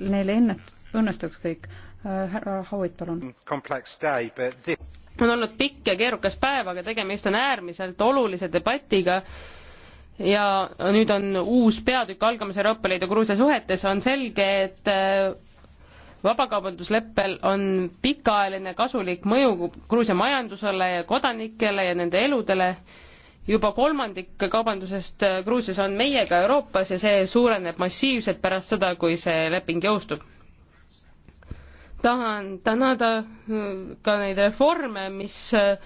neile ennet-, õnnestuks kõik. härra Howitt, palun. on olnud pikk ja keerukas päev, aga tegemist on äärmiselt olulise debatiga ja nüüd on uus peatükk algamas Euroopa Liidu Gruusia suhetes, on selge, et äh, vabakaubandusleppel on pikaajaline kasulik mõju Gruusia majandusele ja kodanikele ja nende eludele juba kolmandik kaubandusest Gruusias on meiega Euroopas ja see suureneb massiivselt pärast seda, kui see leping jõustub. tahan tänada äh, ka neid reforme, mis äh,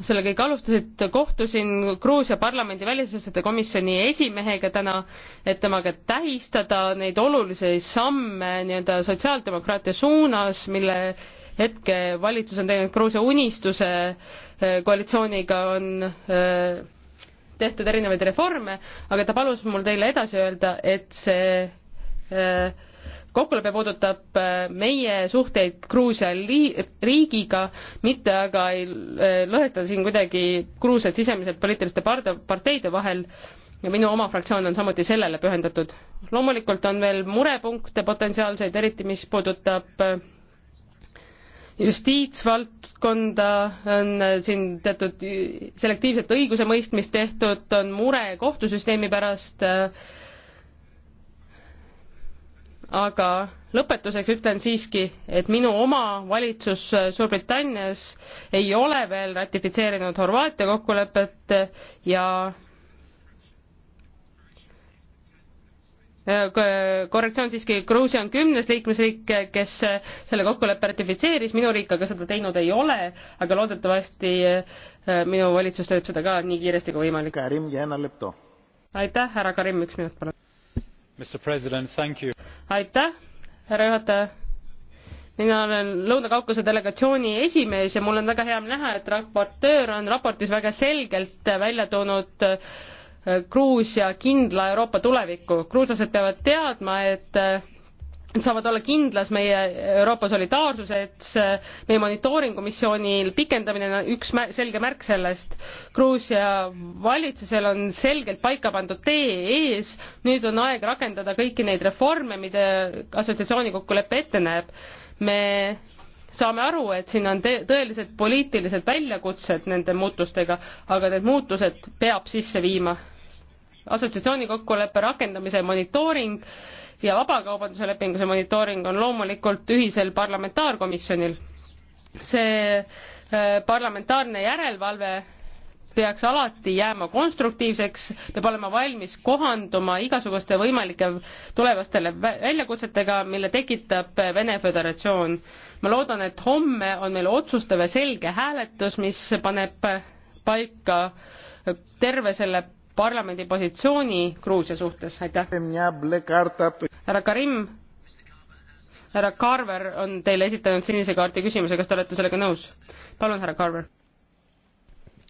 selle kõik alustasid, kohtusin Gruusia parlamendi välisasjade komisjoni esimehega täna, et temaga tähistada neid olulisi samme nii-öelda sotsiaaldemokraatia suunas, mille hetke valitsus on teinud Gruusia Unistuse äh, koalitsiooniga, on tehtud erinevaid reforme, aga ta palus mul teile edasi öelda, et see äh, kokkulepe puudutab äh, meie suhteid Gruusia riigiga, mitte aga ei äh, lõhesta siin kuidagi Gruusiat sisemiselt poliitiliste parteide vahel ja minu oma fraktsioon on samuti sellele pühendatud. loomulikult on veel murepunkte potentsiaalseid, eriti mis puudutab justiitsvaldkonda, on äh, siin teatud selektiivset õigusemõistmist tehtud, on mure kohtusüsteemi pärast. Äh, aga lõpetuseks ütlen siiski, et minu oma valitsus äh, Suurbritannias ei ole veel ratifitseerinud Horvaatia kokkulepet ja Äh, korrektsioon siiski, Gruusia on kümnes liikmesriik, kes selle kokkuleppe ratifitseeris, minu riik aga seda teinud ei ole, aga loodetavasti äh, minu valitsus teeb seda ka nii kiiresti kui võimalik. aitäh, härra Karim, üks minut palun. aitäh, härra juhataja mina olen Lõuna-Kaukase delegatsiooni esimees ja mul on väga hea näha, et raportöör on raportis väga selgelt välja toonud äh, Gruusia kindla Euroopa tulevikku. gruuslased peavad teadma, et Nad saavad olla kindlas meie Euroopa solidaarsuses, meie monitooringumissioonil pikendamine on üks mä selge märk sellest. Gruusia valitsusel on selgelt paika pandud tee ees, nüüd on aeg rakendada kõiki neid reforme, mida assotsiatsioonikokkulepe ette näeb. me saame aru, et siin on tõelised poliitilised väljakutsed nende muutustega, aga need muutused peab sisse viima assotsiatsiooni kokkuleppe rakendamise monitooring ja vabakaubanduse lepinguse monitooring on loomulikult ühisel parlamentaarkomisjonil. see äh, parlamentaarne järelevalve peaks alati jääma konstruktiivseks, peab olema valmis kohanduma igasuguste võimalike tulevastele väljakutsetega, mille tekitab äh, Vene Föderatsioon. ma loodan, et homme on meil otsustav ja selge hääletus, mis paneb äh, paika terve selle parlamendi positsiooni Gruusia suhtes, aitäh. härra Karim, härra Carver on teile esitanud sinise kaardi küsimuse, kas te olete sellega nõus? palun, härra Carver.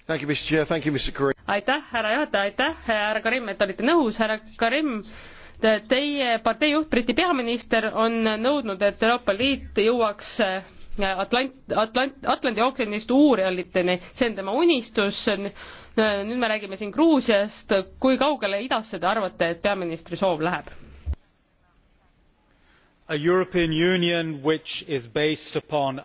aitäh, härra juhataja, aitäh, härra Karim, et olite nõus, härra Karim teie partei juht, Briti peaminister, on nõudnud, et Euroopa Liit jõuaks äh, Atlant-, Atlant-, Atlandi ookeanist uurijaliteni, see on tema unistus, nüüd me räägime siin Gruusiast, kui kaugele idasse te arvate, et peaministri soov läheb? Upon...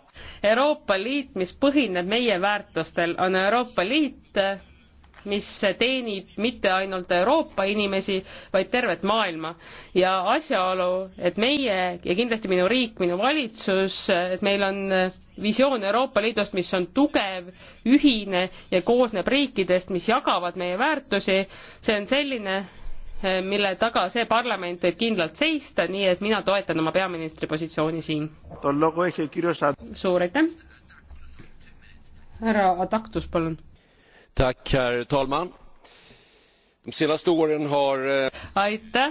Euroopa Liit, mis põhineb meie väärtustel, on Euroopa Liit, mis teenib mitte ainult Euroopa inimesi, vaid tervet maailma. ja asjaolu, et meie ja kindlasti minu riik, minu valitsus, et meil on visioon Euroopa Liidust, mis on tugev, ühine ja koosneb riikidest, mis jagavad meie väärtusi, see on selline, mille taga see parlament võib kindlalt seista, nii et mina toetan oma peaministri positsiooni siin. suur aitäh! härra Adaktus, palun herr talman! De senaste åren har... Eh, aitäh,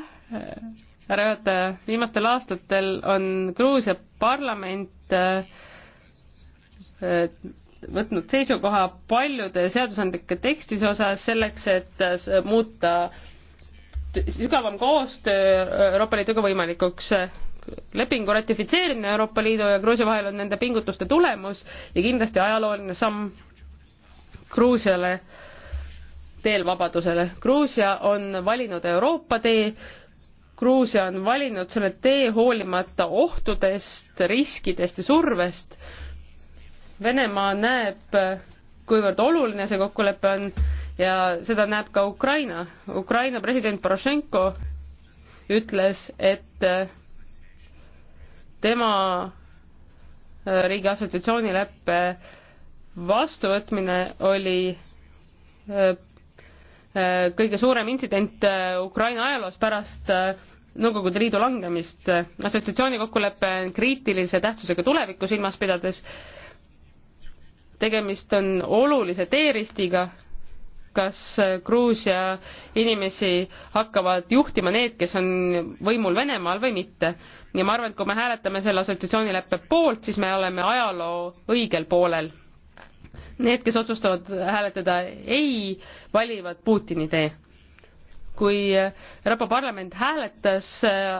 härra juhataja. viimastel aastatel on Gruusia parlament eh, eh, võtnud seisukoha paljude seadusandlike tekstis osas selleks, et muuta sügavam koostöö Euroopa Liiduga võimalikuks. lepingu ratifitseerimine Euroopa Liidu ja Gruusia vahel on nende pingutuste tulemus ja kindlasti ajalooline samm Gruusiale teel vabadusele. Gruusia on valinud Euroopa tee, Gruusia on valinud selle tee hoolimata ohtudest, riskidest ja survest. Venemaa näeb, kuivõrd oluline see kokkulepe on ja seda näeb ka Ukraina. Ukraina president Porošenko ütles, et tema riigi assotsiatsioonileppe vastuvõtmine oli äh, äh, kõige suurem intsident äh, Ukraina ajaloos pärast Nõukogude Liidu langemist. assotsiatsiooni kokkulepe on kriitilise tähtsusega tulevikku silmas pidades. tegemist on olulise teeristiga, kas Gruusia inimesi hakkavad juhtima need, kes on võimul Venemaal või mitte. ja ma arvan, et kui me hääletame selle assotsiatsioonileppe poolt, siis me oleme ajaloo õigel poolel Need, kes otsustavad hääletada ei, valivad Putini tee. kui Euroopa Parlament hääletas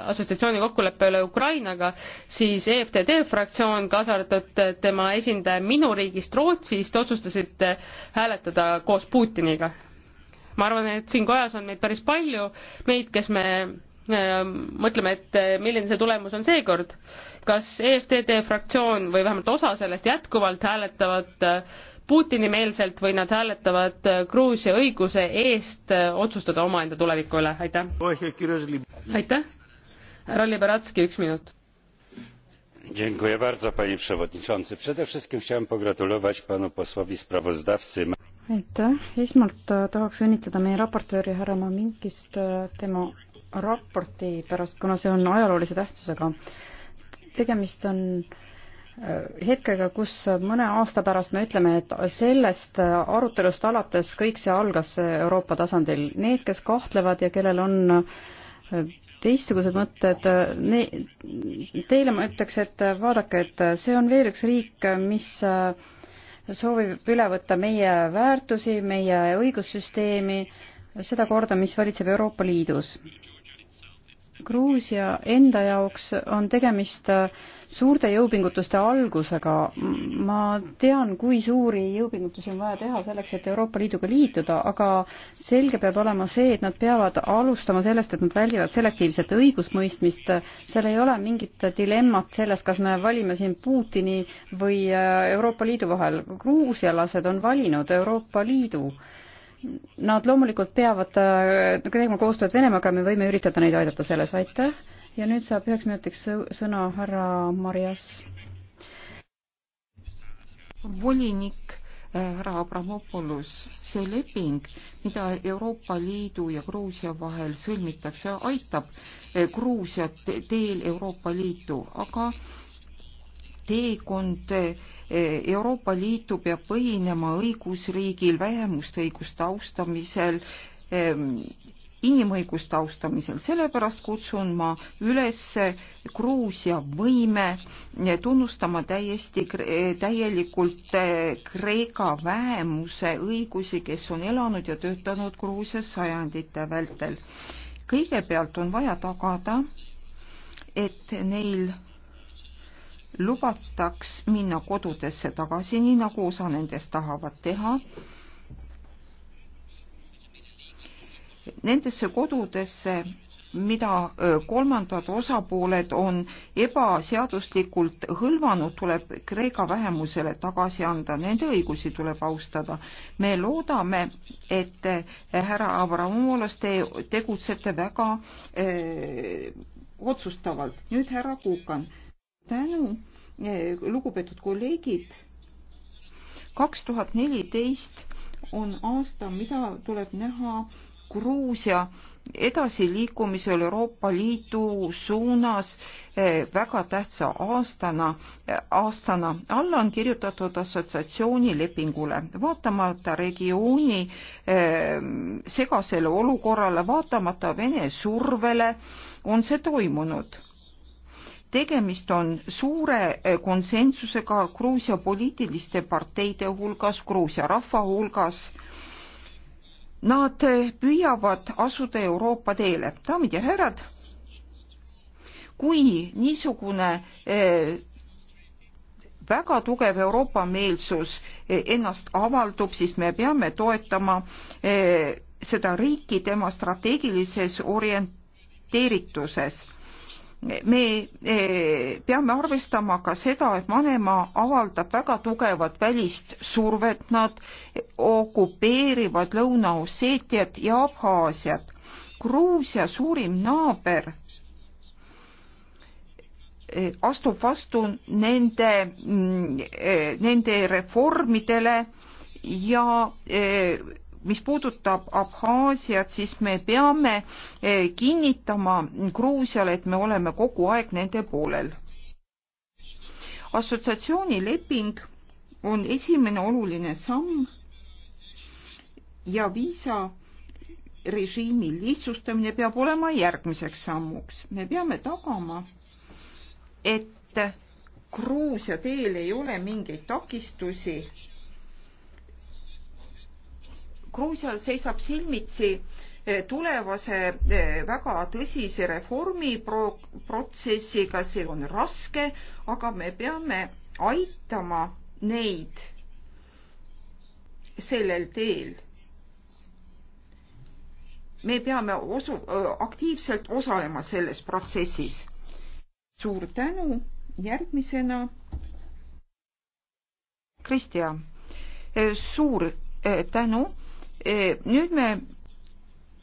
assotsiatsiooni kokkuleppe üle Ukrainaga, siis EFTD fraktsioon, kaasa arvatud tema esindaja minu riigist Rootsist, otsustasid hääletada koos Putiniga. ma arvan, et siin kojas on meid päris palju, meid, kes me äh, mõtleme, et milline see tulemus on seekord. kas EFTD fraktsioon või vähemalt osa sellest jätkuvalt hääletavad Putini-meelselt või nad hääletavad äh, Gruusia õiguse eest äh, otsustada omaenda tuleviku üle, aitäh. aitäh, härra Liberatski, üks minut. Dziękuję bardzo panie przewodniczący. Przede wszystkim chciałem pogratulować panu posłowi sprawozdawcy. Aitäh. Esmalt äh, tahaks õnnitleda meie raportööri härra Maminkist tema raporti pärast, kuna see on ajaloolise tähtsusega. tegemist on äh, hetkega, kus mõne aasta pärast me ütleme, et sellest arutelust alates kõik see algas Euroopa tasandil. Need, kes kahtlevad ja kellel on teistsugused mõtted, teile ma ütleks, et vaadake, et see on veel üks riik, mis soovib üle võtta meie väärtusi, meie õigussüsteemi, seda korda, mis valitseb Euroopa Liidus Gruusia enda jaoks on tegemist äh, suurte jõupingutuste algusega. ma tean, kui suuri jõupingutusi on vaja teha selleks, et Euroopa Liiduga liituda, aga selge peab olema see, et nad peavad alustama sellest, et nad väldivad selektiivset õigusmõistmist. seal ei ole mingit dilemmat selles, kas me valime siin Putini või äh, Euroopa Liidu vahel. gruusialased on valinud Euroopa Liidu Nad loomulikult peavad äh, tegema koostööd Venemaaga, me võime üritada neid aidata selles, aitäh. ja nüüd saab üheks minutiks sõna härra Marias. volinik äh, härra Abramopoulos, see leping, mida Euroopa Liidu ja Gruusia vahel sõlmitakse, aitab äh, Gruusiat teel Euroopa Liitu, aga teekond eh, Euroopa Liitu peab põhinema õigusriigil, vähemuste õiguste austamisel, ehm, inimõiguste austamisel, sellepärast kutsun ma üles Gruusia võime tunnustama täiesti, täielikult eh, Kreeka vähemuse õigusi, kes on elanud ja töötanud Gruusias sajandite vältel. kõigepealt on vaja tagada, et neil lubataks minna kodudesse tagasi, nii nagu osa nendest tahavad teha. Nendesse kodudesse, mida kolmandad osapooled on ebaseaduslikult hõlvanud, tuleb Kreeka vähemusele tagasi anda, nende õigusi tuleb austada. me loodame, et äh, härra Avramopoulos, te tegutsete väga öö, äh, otsustavalt. nüüd härra Kukan tänu, eh, lugupeetud kolleegid. kaks tuhat neliteist on aasta, mida tuleb näha Gruusia edasiliikumisel Euroopa Liidu suunas eh, väga tähtsa aastana, eh, aastana. alla on kirjutatud assotsiatsioonilepingule. vaatamata regiooni segasele olukorrale, vaatamata Vene survele on see toimunud tegemist on suure eh, konsensusega Gruusia poliitiliste parteide hulgas, Gruusia rahva hulgas. Nad eh, püüavad asuda Euroopa teele. daamid ja härrad, kui niisugune eh, väga tugev Euroopa meelsus ennast avaldub, siis me peame toetama seda riiki tema strateegilises orienteerituses me eh, peame arvestama ka seda, et Manemaa avaldab väga tugevat välist survet, nad okupeerivad Lõuna-Osseetiat ja Abhaasiat. Gruusia suurim naaber eh, astub vastu nende, mm, eh, nende reformidele ja mis puudutab Abhaasiat, siis me peame eh, kinnitama Gruusiale, et me oleme kogu aeg nende poolel. assotsiatsioonileping on esimene oluline samm ja viisa režiimi lihtsustamine peab olema järgmiseks sammuks. me peame tagama, et Gruusia teel ei ole mingeid takistusi Gruusia seisab silmitsi eh, tulevase eh, väga tõsise reformiprotsessiga, see on raske, aga me peame aitama neid sellel teel. me peame osu-, eh, aktiivselt osalema selles protsessis. suur tänu, järgmisena Kristjan, suur tänu E, nüüd me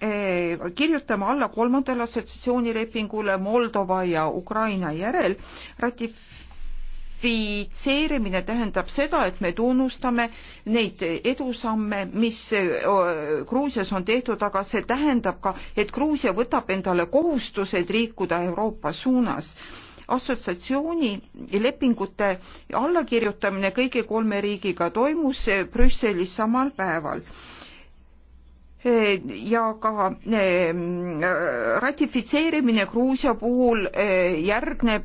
e, kirjutame alla kolmandale assotsiatsioonilepingule Moldova ja Ukraina järel. ratifitseerimine tähendab seda, et me tunnustame neid edusamme, mis e, Gruusias on tehtud, aga see tähendab ka, et Gruusia võtab endale kohustused liikuda Euroopa suunas assotsiatsiooni lepingute allakirjutamine kõigi kolme riigiga toimus Brüsselis samal päeval Äh, ja ka ähm, äh, ratifitseerimine Gruusia puhul äh, järgneb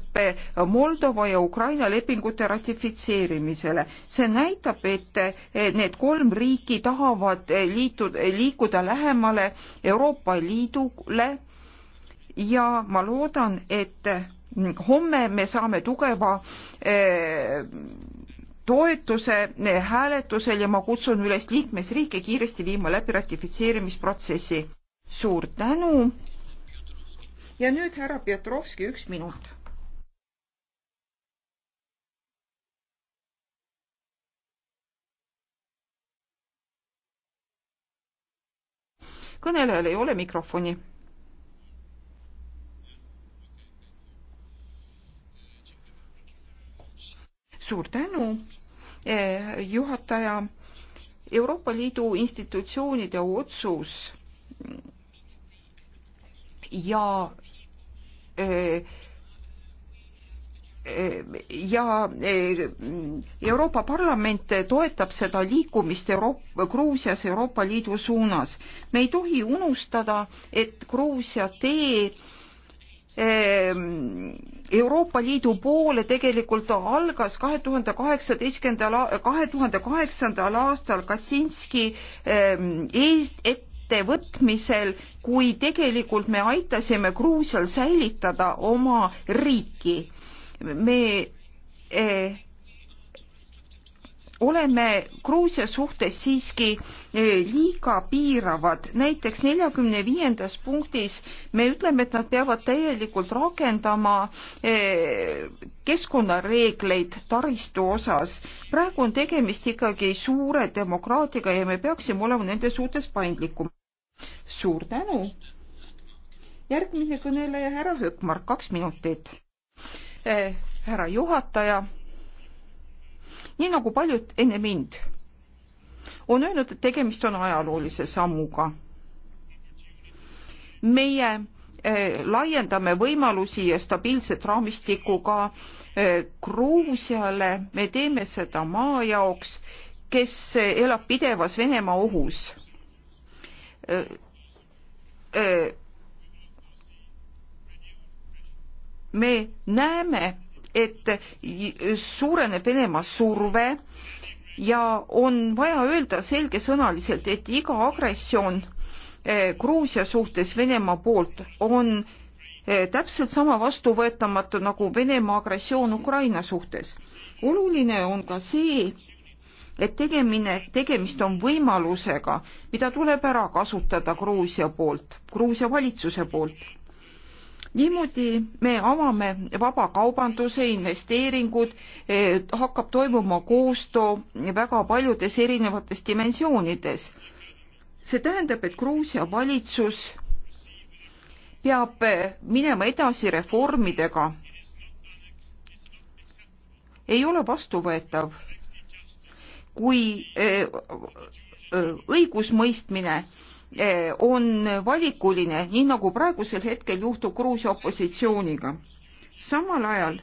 Moldova ja Ukraina lepingute ratifitseerimisele. see näitab, et need kolm riiki tahavad liitud, liikuda lähemale Euroopa Liidule ja ma loodan, et mm, homme me saame tugeva toetuse eh, hääletusel ja ma kutsun üles liikmesriike kiiresti viima läbi ratifitseerimisprotsessi. suur tänu. ja nüüd härra Pjetrovski, üks minut. kõnelejal ei ole mikrofoni suur tänu, eh, juhataja. Euroopa Liidu institutsioonide otsus ja eh, ja eh, Euroopa Parlament toetab seda liikumist Euroopa, Gruusias Euroopa Liidu suunas. me ei tohi unustada, et Gruusia tee Euroopa Liidu poole tegelikult algas kahe tuhande kaheksateistkümnendal, kahe tuhande kaheksandal aastal Kaczynski ehm, ettevõtmisel, kui tegelikult me aitasime Gruusial säilitada oma riiki. me eh, oleme Gruusia suhtes siiski eh, liiga piiravad. näiteks neljakümne viiendas punktis me ütleme, et nad peavad täielikult rakendama eh, keskkonnareegleid taristu osas. praegu on tegemist ikkagi suure demokraatiaga ja me peaksime olema nende suhtes paindlikumad. suur tänu. järgmine kõneleja, härra Hökmark, kaks minutit. Eh, härra juhataja nii nagu paljud enne mind on öelnud, et tegemist on ajaloolise sammuga. meie äh, laiendame võimalusi ja stabiilset raamistikku ka äh, Gruusiale, me teeme seda maa jaoks, kes eh, elab pidevas Venemaa ohus äh,. me näeme et suureneb Venemaa surve ja on vaja öelda selgesõnaliselt, et iga agressioon eh, Gruusia suhtes Venemaa poolt on eh, täpselt sama vastuvõetamatu nagu Venemaa agressioon Ukraina suhtes. oluline on ka see, et tegemine, tegemist on võimalusega, mida tuleb ära kasutada Gruusia poolt, Gruusia valitsuse poolt niimoodi me avame vaba kaubanduse, investeeringud, eh, hakkab toimuma koostöö väga paljudes erinevates dimensioonides. see tähendab, et Gruusia valitsus peab eh, minema edasi reformidega. ei ole vastuvõetav, kui eh, õigusmõistmine Eh, on valikuline, nii nagu praegusel hetkel juhtub Gruusia opositsiooniga. samal ajal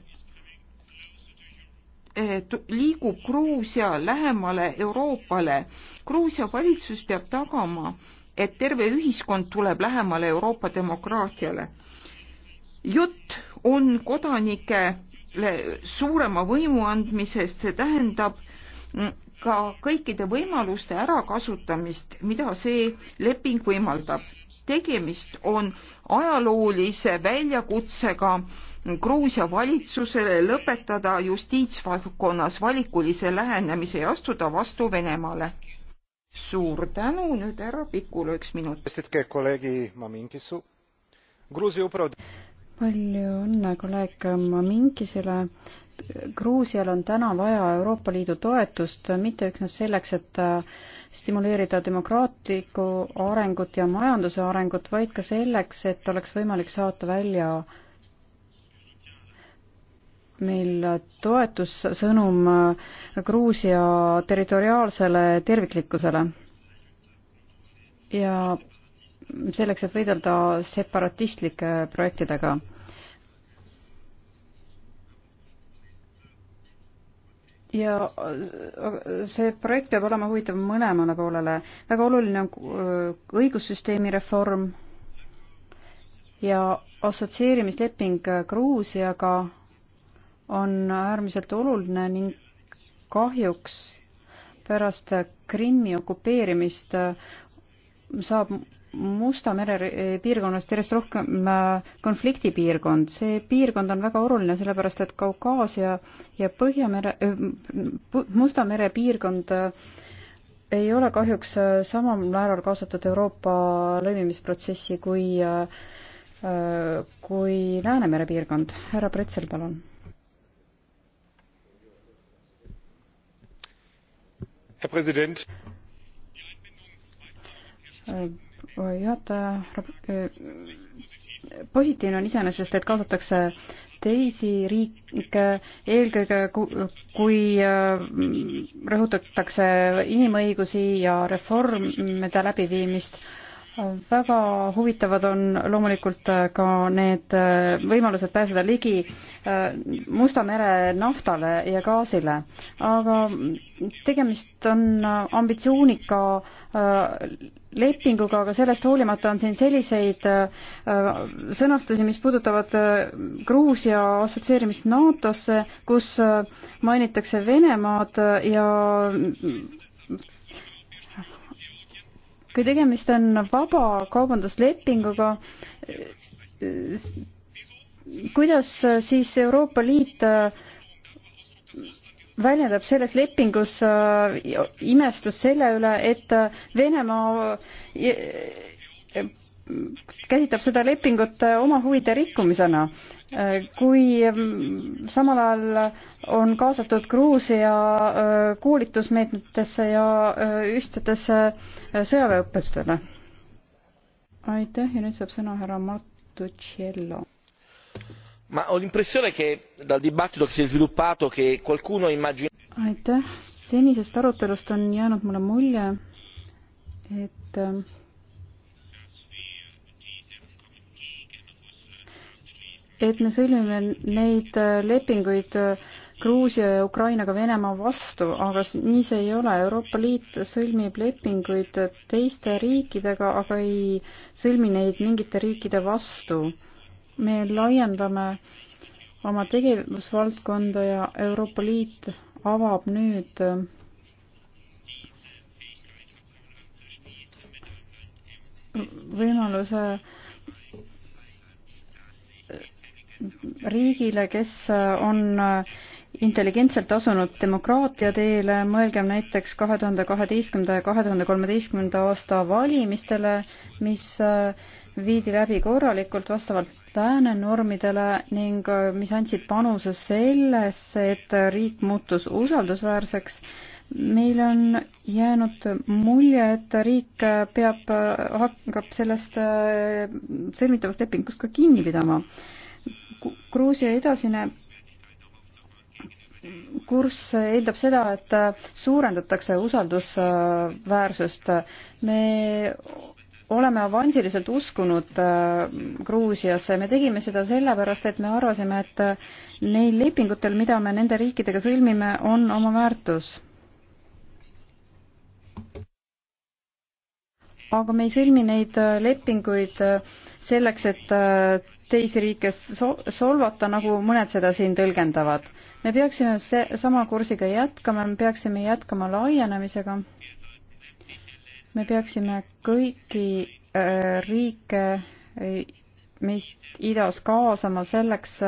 eh, liigub Gruusia lähemale Euroopale. Gruusia valitsus peab tagama, et terve ühiskond tuleb lähemale Euroopa demokraatiale. jutt on kodanikele suurema võimu andmisest, see tähendab mm, ka kõikide võimaluste ärakasutamist, mida see leping võimaldab. tegemist on ajaloolise väljakutsega Gruusia valitsusele lõpetada justiitsvaldkonnas valikulise lähenemise ja astuda vastu Venemaale. suur tänu, nüüd härra Pikula üks minut. palju õnne kolleeg Maminkisele Gruusial on täna vaja Euroopa Liidu toetust mitte üksnes selleks, et äh, stimuleerida demokraatlikku arengut ja majanduse arengut, vaid ka selleks, et oleks võimalik saata välja meil toetussõnum äh, Gruusia territoriaalsele terviklikkusele. ja selleks, et võidelda separatistlike projektidega ja äh, see projekt peab olema huvitav mõlemale poolele. väga oluline on äh, õigussüsteemi reform ja assotsieerimisleping äh, Gruusiaga on äärmiselt oluline ning kahjuks pärast Krimmi okupeerimist saab Musta mere piirkonnast järjest rohkem äh, konfliktipiirkond. see piirkond on väga oluline, sellepärast et Kaukaasia ja Põhjamere, äh, Musta mere piirkond äh, ei ole kahjuks samal määral kaasatud Euroopa lõimimisprotsessi kui, kui Läänemere piirkond. härra Pretzel, palun. herr präsident! juhataja, eh, positiivne on iseenesest, et kaasatakse teisi riike, eelkõige kui eh, rõhutatakse inimõigusi ja reformide läbiviimist väga huvitavad on loomulikult ka need äh, võimalused pääseda ligi äh, Musta mere naftale ja gaasile, aga tegemist on äh, ambitsioonika lepinguga, aga sellest hoolimata on siin selliseid sõnastusi, mis puudutavad Gruusia assotsieerimist NATO-sse, kus mainitakse Venemaad ja kui tegemist on vaba kaubanduslepinguga, kuidas siis Euroopa Liit väljendab selles lepingus äh, imestust selle üle, et Venemaa äh, käsitleb seda lepingut äh, oma huvide rikkumisena. Äh, kui ähm, samal ajal on kaasatud Gruusia äh, koolitusmeetmetesse ja äh, ühtsetesse sõjaväeõppustele. aitäh ja nüüd saab sõna härra Martuccello. Ma ho l'impressione che dal dibattito che si è sviluppato che qualcuno immagina aitäh, senisest arutelust on jäänud mulle mulje, et äh, et me sõlmime neid äh, lepinguid äh, Gruusia ja Ukrainaga Venemaa vastu, aga nii see ei ole. Euroopa Liit sõlmib lepinguid teiste riikidega, aga ei sõlmi neid mingite riikide vastu. me laiendame oma tegevusvaldkonda ja Euroopa Liit avab nüüd äh, võimaluse äh, riigile, kes on intelligentselt asunud demokraatia teele, mõelgem näiteks kahe tuhande kaheteistkümnenda ja kahe tuhande kolmeteistkümnenda aasta valimistele, mis viidi läbi korralikult vastavalt lääne normidele ning mis andsid panuse sellesse, et riik muutus usaldusväärseks meil on jäänud mulje, et riik peab, hakkab sellest äh, sõlmitavast lepingust ka kinni pidama. Gruusia edasine kurss eeldab seda, et suurendatakse usaldusväärsust. me oleme avansiliselt uskunud äh, Gruusiasse, me tegime seda sellepärast, et me arvasime, et neil lepingutel, mida me nende riikidega sõlmime, on oma väärtus. aga me ei sõlmi neid lepinguid selleks, et äh, teisi riike solvata, nagu mõned seda siin tõlgendavad. me peaksime see, sama kursiga jätkama, me peaksime jätkama laienemisega. me peaksime kõiki äh, riike äh, meist idas kaasama selleks,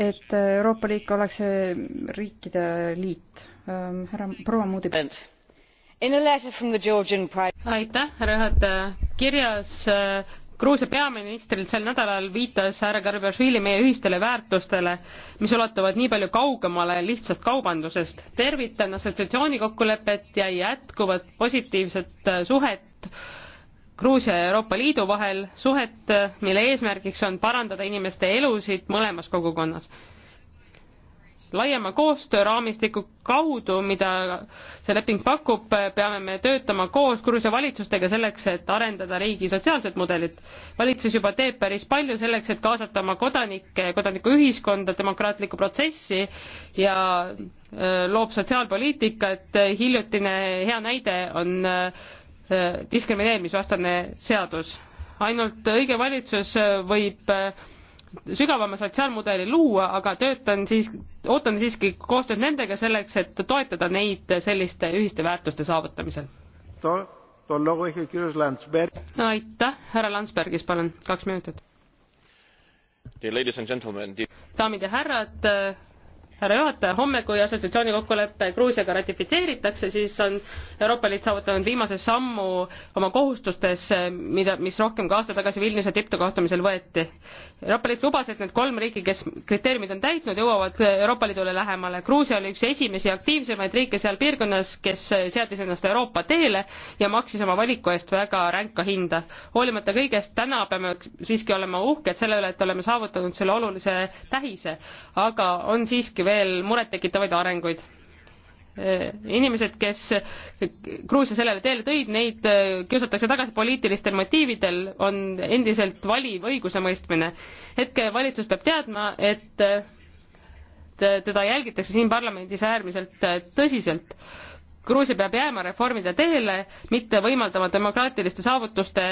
et Euroopa Liit oleks äh, riikide liit. Ähm, härra proua Moodi. aitäh, härra juhataja. kirjas äh, Gruusia peaministrilt sel nädalal viitas härra Garbašvili meie ühistele väärtustele, mis ulatuvad nii palju kaugemale lihtsast kaubandusest. tervitan assotsiatsiooni kokkulepet ja jätkuvat positiivset äh, suhet Gruusia ja Euroopa Liidu vahel, suhet, äh, mille eesmärgiks on parandada inimeste elusid mõlemas kogukonnas laiema koostööraamistiku kaudu, mida see leping pakub, peame me töötama koos Gruusia valitsustega selleks, et arendada riigi sotsiaalset mudelit. valitsus juba teeb päris palju selleks, et kaasata oma kodanikke, kodanikuühiskonda, demokraatlikku protsessi ja loob sotsiaalpoliitikat, hiljutine hea näide on diskrimineerimisvastane seadus. ainult õige valitsus võib sügavama sotsiaalmudeli luua, aga töötan siis, ootan siiski koostööd nendega selleks, et toetada neid selliste ühiste väärtuste saavutamisel. aitäh, härra Landsbergis, palun, kaks minutit. daamid ja härrad, härra juhataja, homme, kui assotsiatsiooni kokkulepe Gruusiaga ratifitseeritakse, siis on Euroopa Liit saavutanud viimase sammu oma kohustustes, mida, mis rohkem kui aasta tagasi Vilniuse tippkohtumisel võeti. Euroopa Liit lubas, et need kolm riiki, kes kriteeriumid on täitnud, jõuavad Euroopa Liidule lähemale. Gruusia oli üks esimesi aktiivsemaid riike seal piirkonnas, kes seadis ennast Euroopa teele ja maksis oma valiku eest väga ränka hinda. hoolimata kõigest, täna peame siiski olema uhked selle üle, et oleme saavutanud selle olulise tähise, aga on siiski veel murettekitavaid arenguid. Eh, inimesed, kes Gruusia sellele teele tõid, neid eh, kiusatakse tagasi poliitilistel motiividel, on endiselt valiv õigusemõistmine. hetke valitsus peab teadma, et eh, teda jälgitakse siin parlamendis äärmiselt tõsiselt. Gruusia peab jääma reformide teele, mitte võimaldama demokraatiliste saavutuste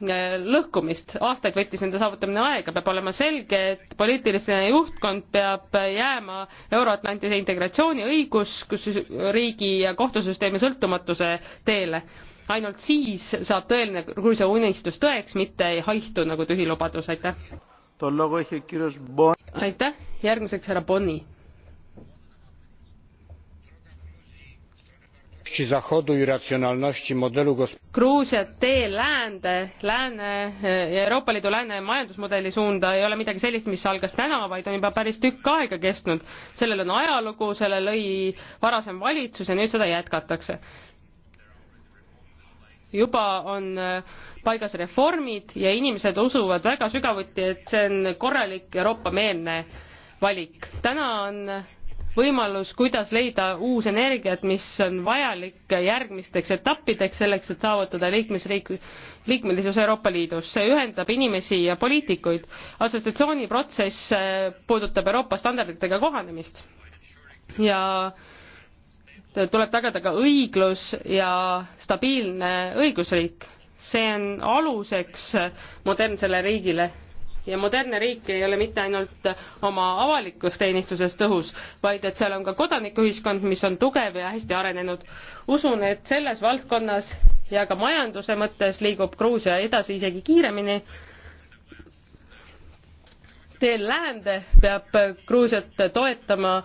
Äh, lõhkumist. aastaid võttis nende saavutamine aega, peab olema selge, et poliitiline juhtkond peab jääma Euro-Atlantide integratsiooni õigus, kus riigi ja kohtusüsteemi sõltumatuse teele. ainult siis saab tõeline Gruusia unistus tõeks, mitte ei haihtu nagu tühi lubadus, aitäh. aitäh, järgmiseks härra Bonni przyszłości zachodu i racjonalności modelu Gruusia tee läände, lääne, e, Euroopa Liidu lääne majandusmudeli suunda ei ole midagi sellist, mis algas täna, vaid on juba päris tükk aega kestnud. sellel on ajalugu, selle lõi varasem valitsus ja nüüd seda jätkatakse. juba on e, paigas reformid ja inimesed usuvad väga sügavuti, et see on korralik Euroopa-meelne valik. täna on võimalus, kuidas leida uus energiat, mis on vajalik järgmisteks etappideks selleks, et saavutada liikmesriik, liikmelisus Euroopa Liidus. see ühendab inimesi ja poliitikuid. assotsiatsiooni protsess äh, puudutab Euroopa standarditega kohanemist ja tuleb tagada ka õiglus ja stabiilne õigusriik. see on aluseks modernsele riigile ja modernne riik ei ole mitte ainult oma avalikus teenistuses tõhus, vaid et seal on ka kodanikuühiskond, mis on tugev ja hästi arenenud. usun, et selles valdkonnas ja ka majanduse mõttes liigub Gruusia edasi isegi kiiremini. teel läände peab Gruusiat toetama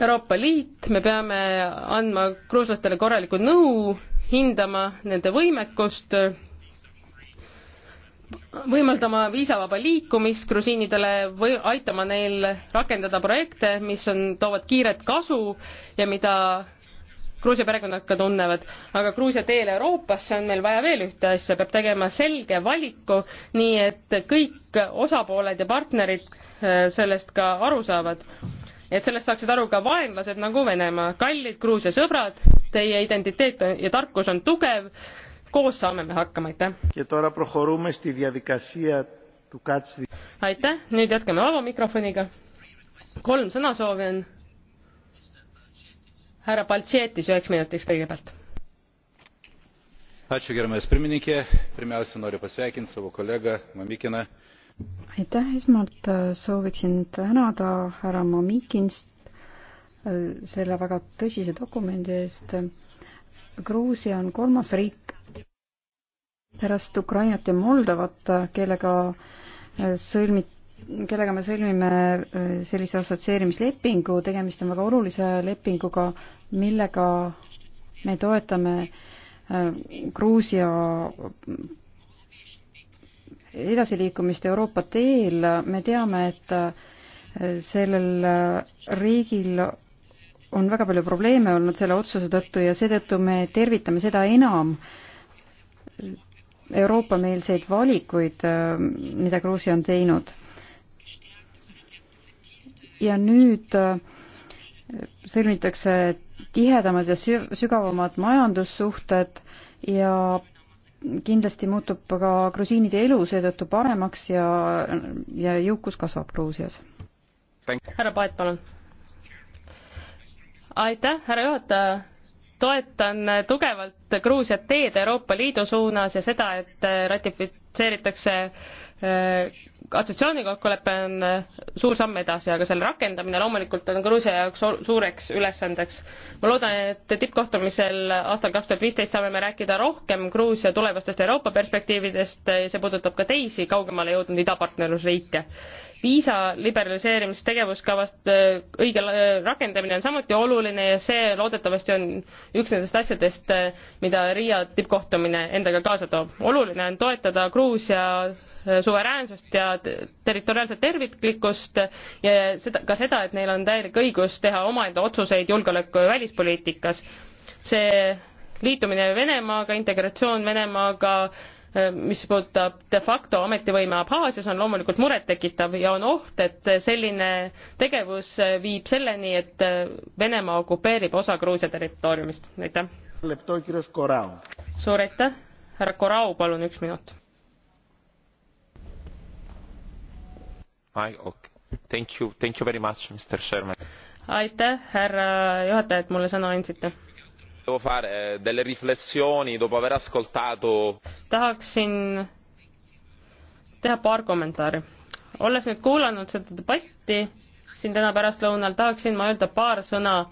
Euroopa Liit, me peame andma gruuslastele korralikku nõu, hindama nende võimekust võimaldama viisavaba liikumist grusiinidele või aitama neil rakendada projekte, mis on, toovad kiiret kasu ja mida Gruusia perekonnad ka tunnevad, aga Gruusia teel Euroopasse on meil vaja veel ühte asja, peab tegema selge valiku, nii et kõik osapooled ja partnerid äh, sellest ka aru saavad. et sellest saaksid aru ka vaenlased nagu Venemaa, kallid Gruusia sõbrad, teie identiteet ja tarkus on tugev koos saame me hakkama, aitäh! aitäh, nüüd jätkame vaba mikrofoniga. kolm sõnasoovi on. härra Baltšetis üheks minutiks kõigepealt. ačiū, gerbiamas pirmininkė, pirmiausia noriu pasveikinti savo kolleegą Mamikina. aitäh, esmalt äh, sooviksin tänada härra Mamikinst äh, selle väga tõsise dokumendi eest. Gruusia on kolmas riik, pärast Ukrainat ja Moldovat, kellega äh, sõlmi-, kellega me sõlmime äh, sellise assotsieerimislepingu, tegemist on väga olulise lepinguga, millega me toetame äh, Gruusia edasiliikumist Euroopa teel, me teame, et sellel riigil on väga palju probleeme olnud selle otsuse tõttu ja seetõttu me tervitame seda enam Euroopa-meelseid valikuid, äh, mida Gruusia on teinud. ja nüüd äh, sõlmitakse tihedamad ja sügavamad majandussuhted ja kindlasti muutub ka grusiinide elu seetõttu paremaks ja, ja jõukus kasvab Gruusias. härra Paet, palun. aitäh, härra juhataja toetan tugevalt Gruusiat teed Euroopa Liidu suunas ja seda, et ratifitseeritakse äh, assotsiatsioonikokkulepe on äh, suur samm edasi, aga selle rakendamine loomulikult on Gruusia jaoks suureks ülesandeks. ma loodan, et tippkohtumisel aastal kaks tuhat viisteist saame me rääkida rohkem Gruusia tulevastest Euroopa perspektiividest, see puudutab ka teisi kaugemale jõudnud idapartnerlusriike viisa liberaliseerimise tegevuskavast äh, õige äh, rakendamine on samuti oluline ja see loodetavasti on üks nendest asjadest, äh, mida Riia tippkohtumine endaga kaasa toob. oluline on toetada Gruusia suveräänsust ja territoriaalset terviklikkust ja seda, ka seda, et neil on täielik õigus teha omaenda otsuseid julgeoleku ja välispoliitikas. see liitumine Venemaaga, integratsioon Venemaaga, mis puudutab de facto ametivõime Abhaasias, on loomulikult murettekitav ja on oht, et selline tegevus viib selleni, et Venemaa okupeerib osa Gruusia territooriumist. aitäh. suur aitäh, härra Korau, palun üks minut. aitäh, härra juhataja, et mulle sõna andsite devo fare eh, delle riflessioni dopo aver ascoltato tahaksin teha paar kommentaari. olles nüüd kuulanud seda debatti siin täna pärastlõunal, tahaksin ma öelda paar sõna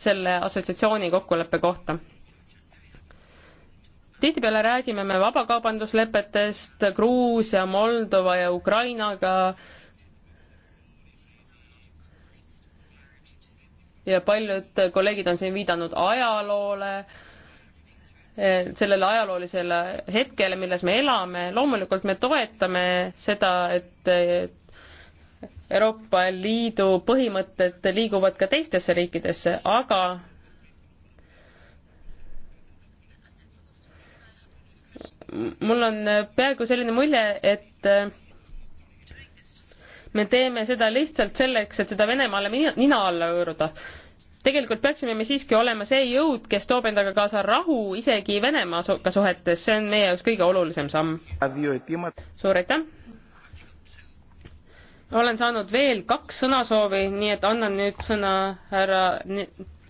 selle assotsiatsiooni kokkuleppe kohta. tihtipeale räägime me vabakaubanduslepetest Gruusia, Moldova ja Ukrainaga ja paljud kolleegid on siin viidanud ajaloole, eh, sellele ajaloolisele hetkele, milles me elame, loomulikult me toetame seda, et eh, Euroopa Liidu põhimõtted liiguvad ka teistesse riikidesse, aga mul on peaaegu selline mulje, et eh, me teeme seda lihtsalt selleks, et seda Venemaale nina alla hõõruda. tegelikult peaksime me siiski olema see jõud, kes toob endaga kaasa rahu isegi Venemaaga suhetes, see on meie jaoks kõige olulisem samm. suur aitäh! olen saanud veel kaks sõnasoovi, nii et annan nüüd sõna härra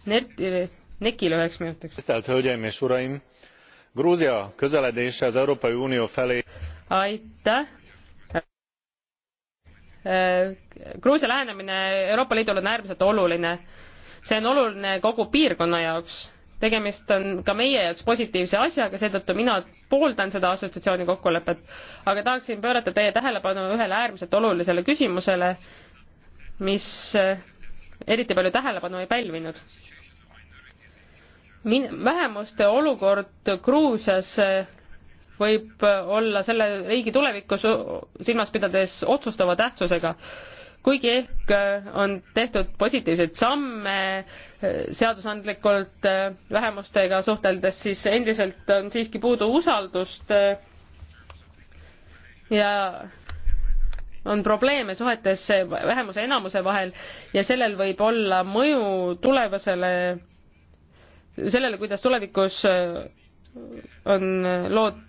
Nertile, Nekile üheks minutiks. tisztelt hölgyeim és uraim! Gruusia közeledése az Európai Unió felé aitäh! Gruusia lähenemine Euroopa Liidule on äärmiselt oluline. see on oluline kogu piirkonna jaoks. tegemist on ka meie jaoks positiivse asjaga, seetõttu mina pooldan seda assotsiatsiooni kokkulepet. aga tahaksin pöörata teie tähelepanu ühele äärmiselt olulisele küsimusele, mis eh, eriti palju tähelepanu ei pälvinud. min-, vähemuste olukord Gruusias eh, võib olla selle riigi tulevikku silmas pidades otsustava tähtsusega. kuigi ehk äh, on tehtud positiivseid samme äh, seadusandlikult äh, vähemustega suhteldes, siis endiselt on siiski puudu usaldust ja on probleeme suhetes vähemuse ja enamuse vahel ja sellel võib olla mõju tulevasele, sellele, kuidas tulevikus on lood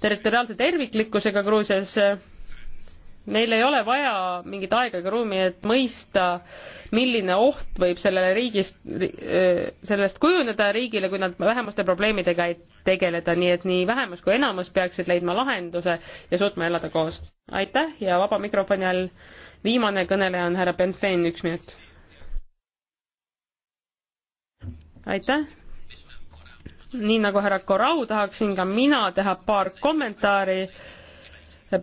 territoriaalse terviklikkusega Gruusias. Neil ei ole vaja mingit aega ega ruumi, et mõista, milline oht võib sellele riigist, sellest kujuneda riigile, kui nad vähemuste probleemidega ei tegeleda, nii et nii vähemus kui enamus peaksid leidma lahenduse ja suutma elada koos. aitäh ja vaba mikrofoni all viimane kõneleja on härra Benfein, üks minut. aitäh nii nagu härra Korau tahaksin ka mina teha paar kommentaari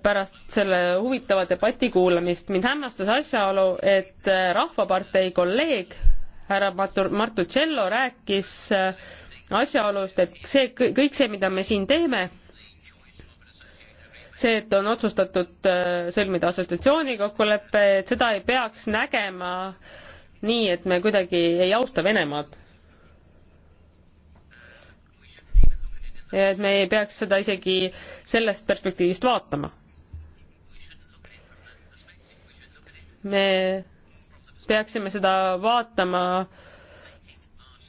pärast selle huvitava debati kuulamist. mind hämmastas asjaolu, et äh, Rahvapartei kolleeg härra Martucello rääkis äh, asjaolust, et see, kõik see, mida me siin teeme, see, et on otsustatud äh, sõlmida assotsiatsiooni kokkulepe, et seda ei peaks nägema nii, et me kuidagi ei austa Venemaad. et me ei peaks seda isegi sellest perspektiivist vaatama. me peaksime seda vaatama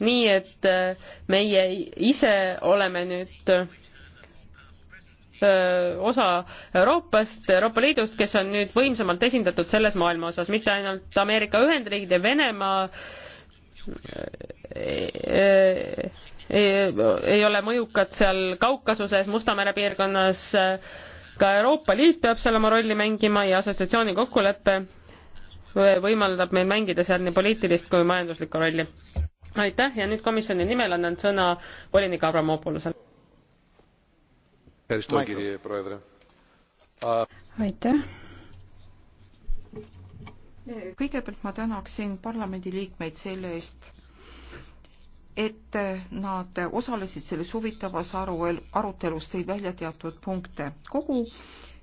nii, et meie ise oleme nüüd osa Euroopast, Euroopa Liidust, kes on nüüd võimsamalt esindatud selles maailma osas, mitte ainult Ameerika Ühendriigid ja Venemaa ei ole mõjukad seal Kaukasuses, Musta mere piirkonnas. ka Euroopa Liit peab seal oma rolli mängima ja assotsiatsiooni kokkulepe võimaldab meil mängida seal nii poliitilist kui majanduslikku rolli. aitäh ja nüüd komisjoni nimel annan sõna volinik Abramopoulosele. aitäh kõigepealt ma tänaksin parlamendiliikmeid selle eest, et nad osalesid selles huvitavas aruel, arutelus, tõid välja teatud punkte. kogu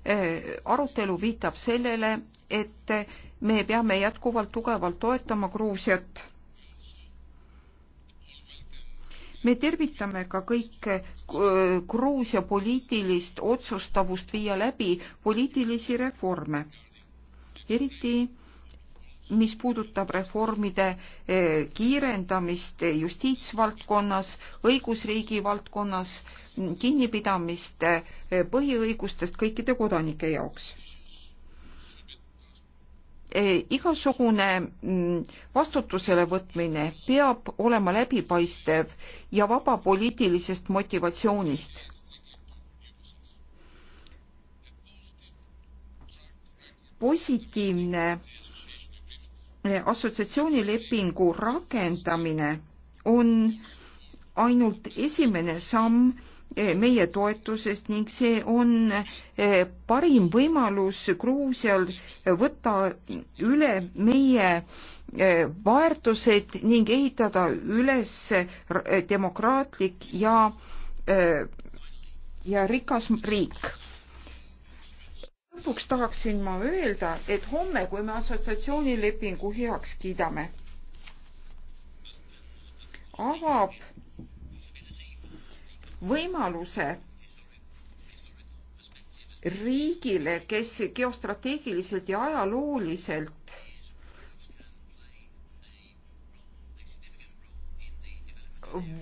eh, arutelu viitab sellele, et me peame jätkuvalt tugevalt toetama Gruusiat. me tervitame ka kõik eh, Gruusia poliitilist otsustavust viia läbi poliitilisi reforme, eriti mis puudutab reformide eh, kiirendamist justiitsvaldkonnas, õigusriigi valdkonnas, mm, kinnipidamist eh, põhiõigustest kõikide kodanike jaoks. Eh, igasugune mm, vastutusele võtmine peab olema läbipaistev ja vaba poliitilisest motivatsioonist positiivne Eh, assotsiatsioonilepingu rakendamine on ainult esimene samm eh, meie toetusest ning see on eh, parim võimalus Gruusial võtta üle meie väärtused ning ehitada üles demokraatlik ja ja rikas riik lõpuks tahaksin ma öelda, et homme, kui me assotsiatsioonilepingu heaks kiidame, avab võimaluse riigile, kes geostrateegiliselt ja ajalooliselt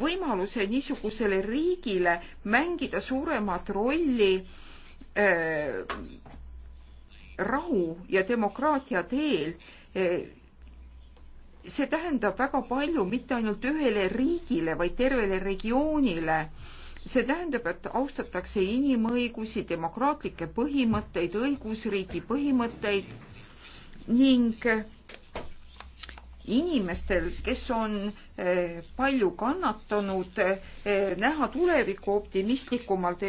võimaluse niisugusele riigile mängida suuremat rolli öö, äh, rahu ja demokraatia teel, eh, see tähendab väga palju mitte ainult ühele riigile, vaid tervele regioonile. see tähendab, et austatakse inimõigusi, demokraatlikke põhimõtteid, õigusriigi põhimõtteid ning inimestel, kes on eh, palju kannatanud, eh, näha tulevikku optimistlikumalt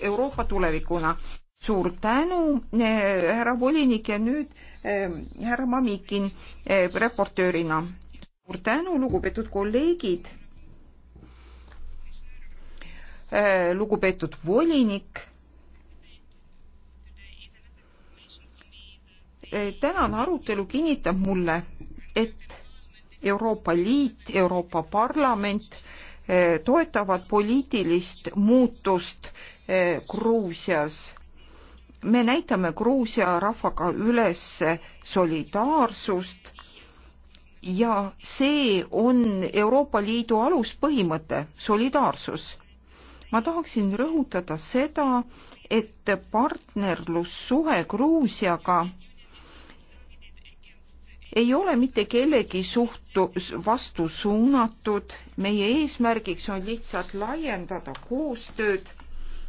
Euroopa tulevikuna suur tänu, härra volinik ja nüüd ähm, härra Mamikin äh, reportöörina. suur tänu, lugupeetud kolleegid. Äh, lugupeetud volinik. Äh, tänane arutelu kinnitab mulle, et Euroopa Liit, Euroopa Parlament toetavad poliitilist muutust Gruusias me näitame Gruusia rahvaga üles solidaarsust ja see on Euroopa Liidu aluspõhimõte, solidaarsus. ma tahaksin rõhutada seda, et partnerlussuhe Gruusiaga ei ole mitte kellegi suhtu, vastu suunatud, meie eesmärgiks on lihtsalt laiendada koostööd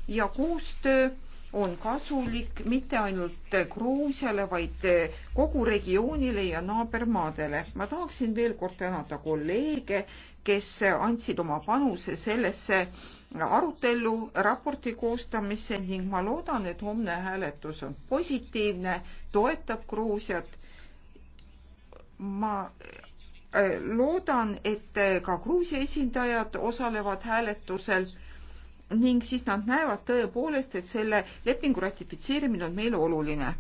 ja koostöö on kasulik mitte ainult Gruusiale, vaid kogu regioonile ja naabermaadele. ma tahaksin veel kord tänada kolleege, kes andsid oma panuse sellesse arutellu raporti koostamisse ning ma loodan, et homne hääletus on positiivne, toetab Gruusiat. ma äh, loodan, et ka Gruusia esindajad osalevad hääletusel ning siis nad näevad tõepoolest, et selle lepingu ratifitseerimine on meile oluline.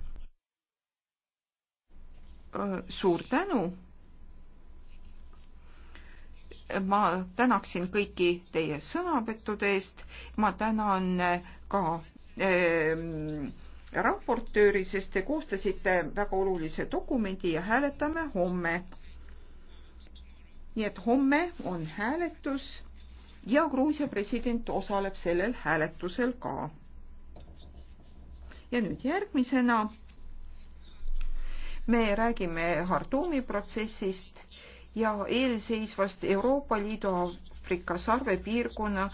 suur tänu. ma tänaksin kõiki teie sõnavõttude eest, ma tänan ka ähm, raportööri, sest te koostasite väga olulise dokumendi ja hääletame homme. nii et homme on hääletus ja Gruusia president osaleb sellel hääletusel ka. ja nüüd järgmisena me räägime Hartumi protsessist ja eelseisvast Euroopa Liidu Aafrika sarve piirkonna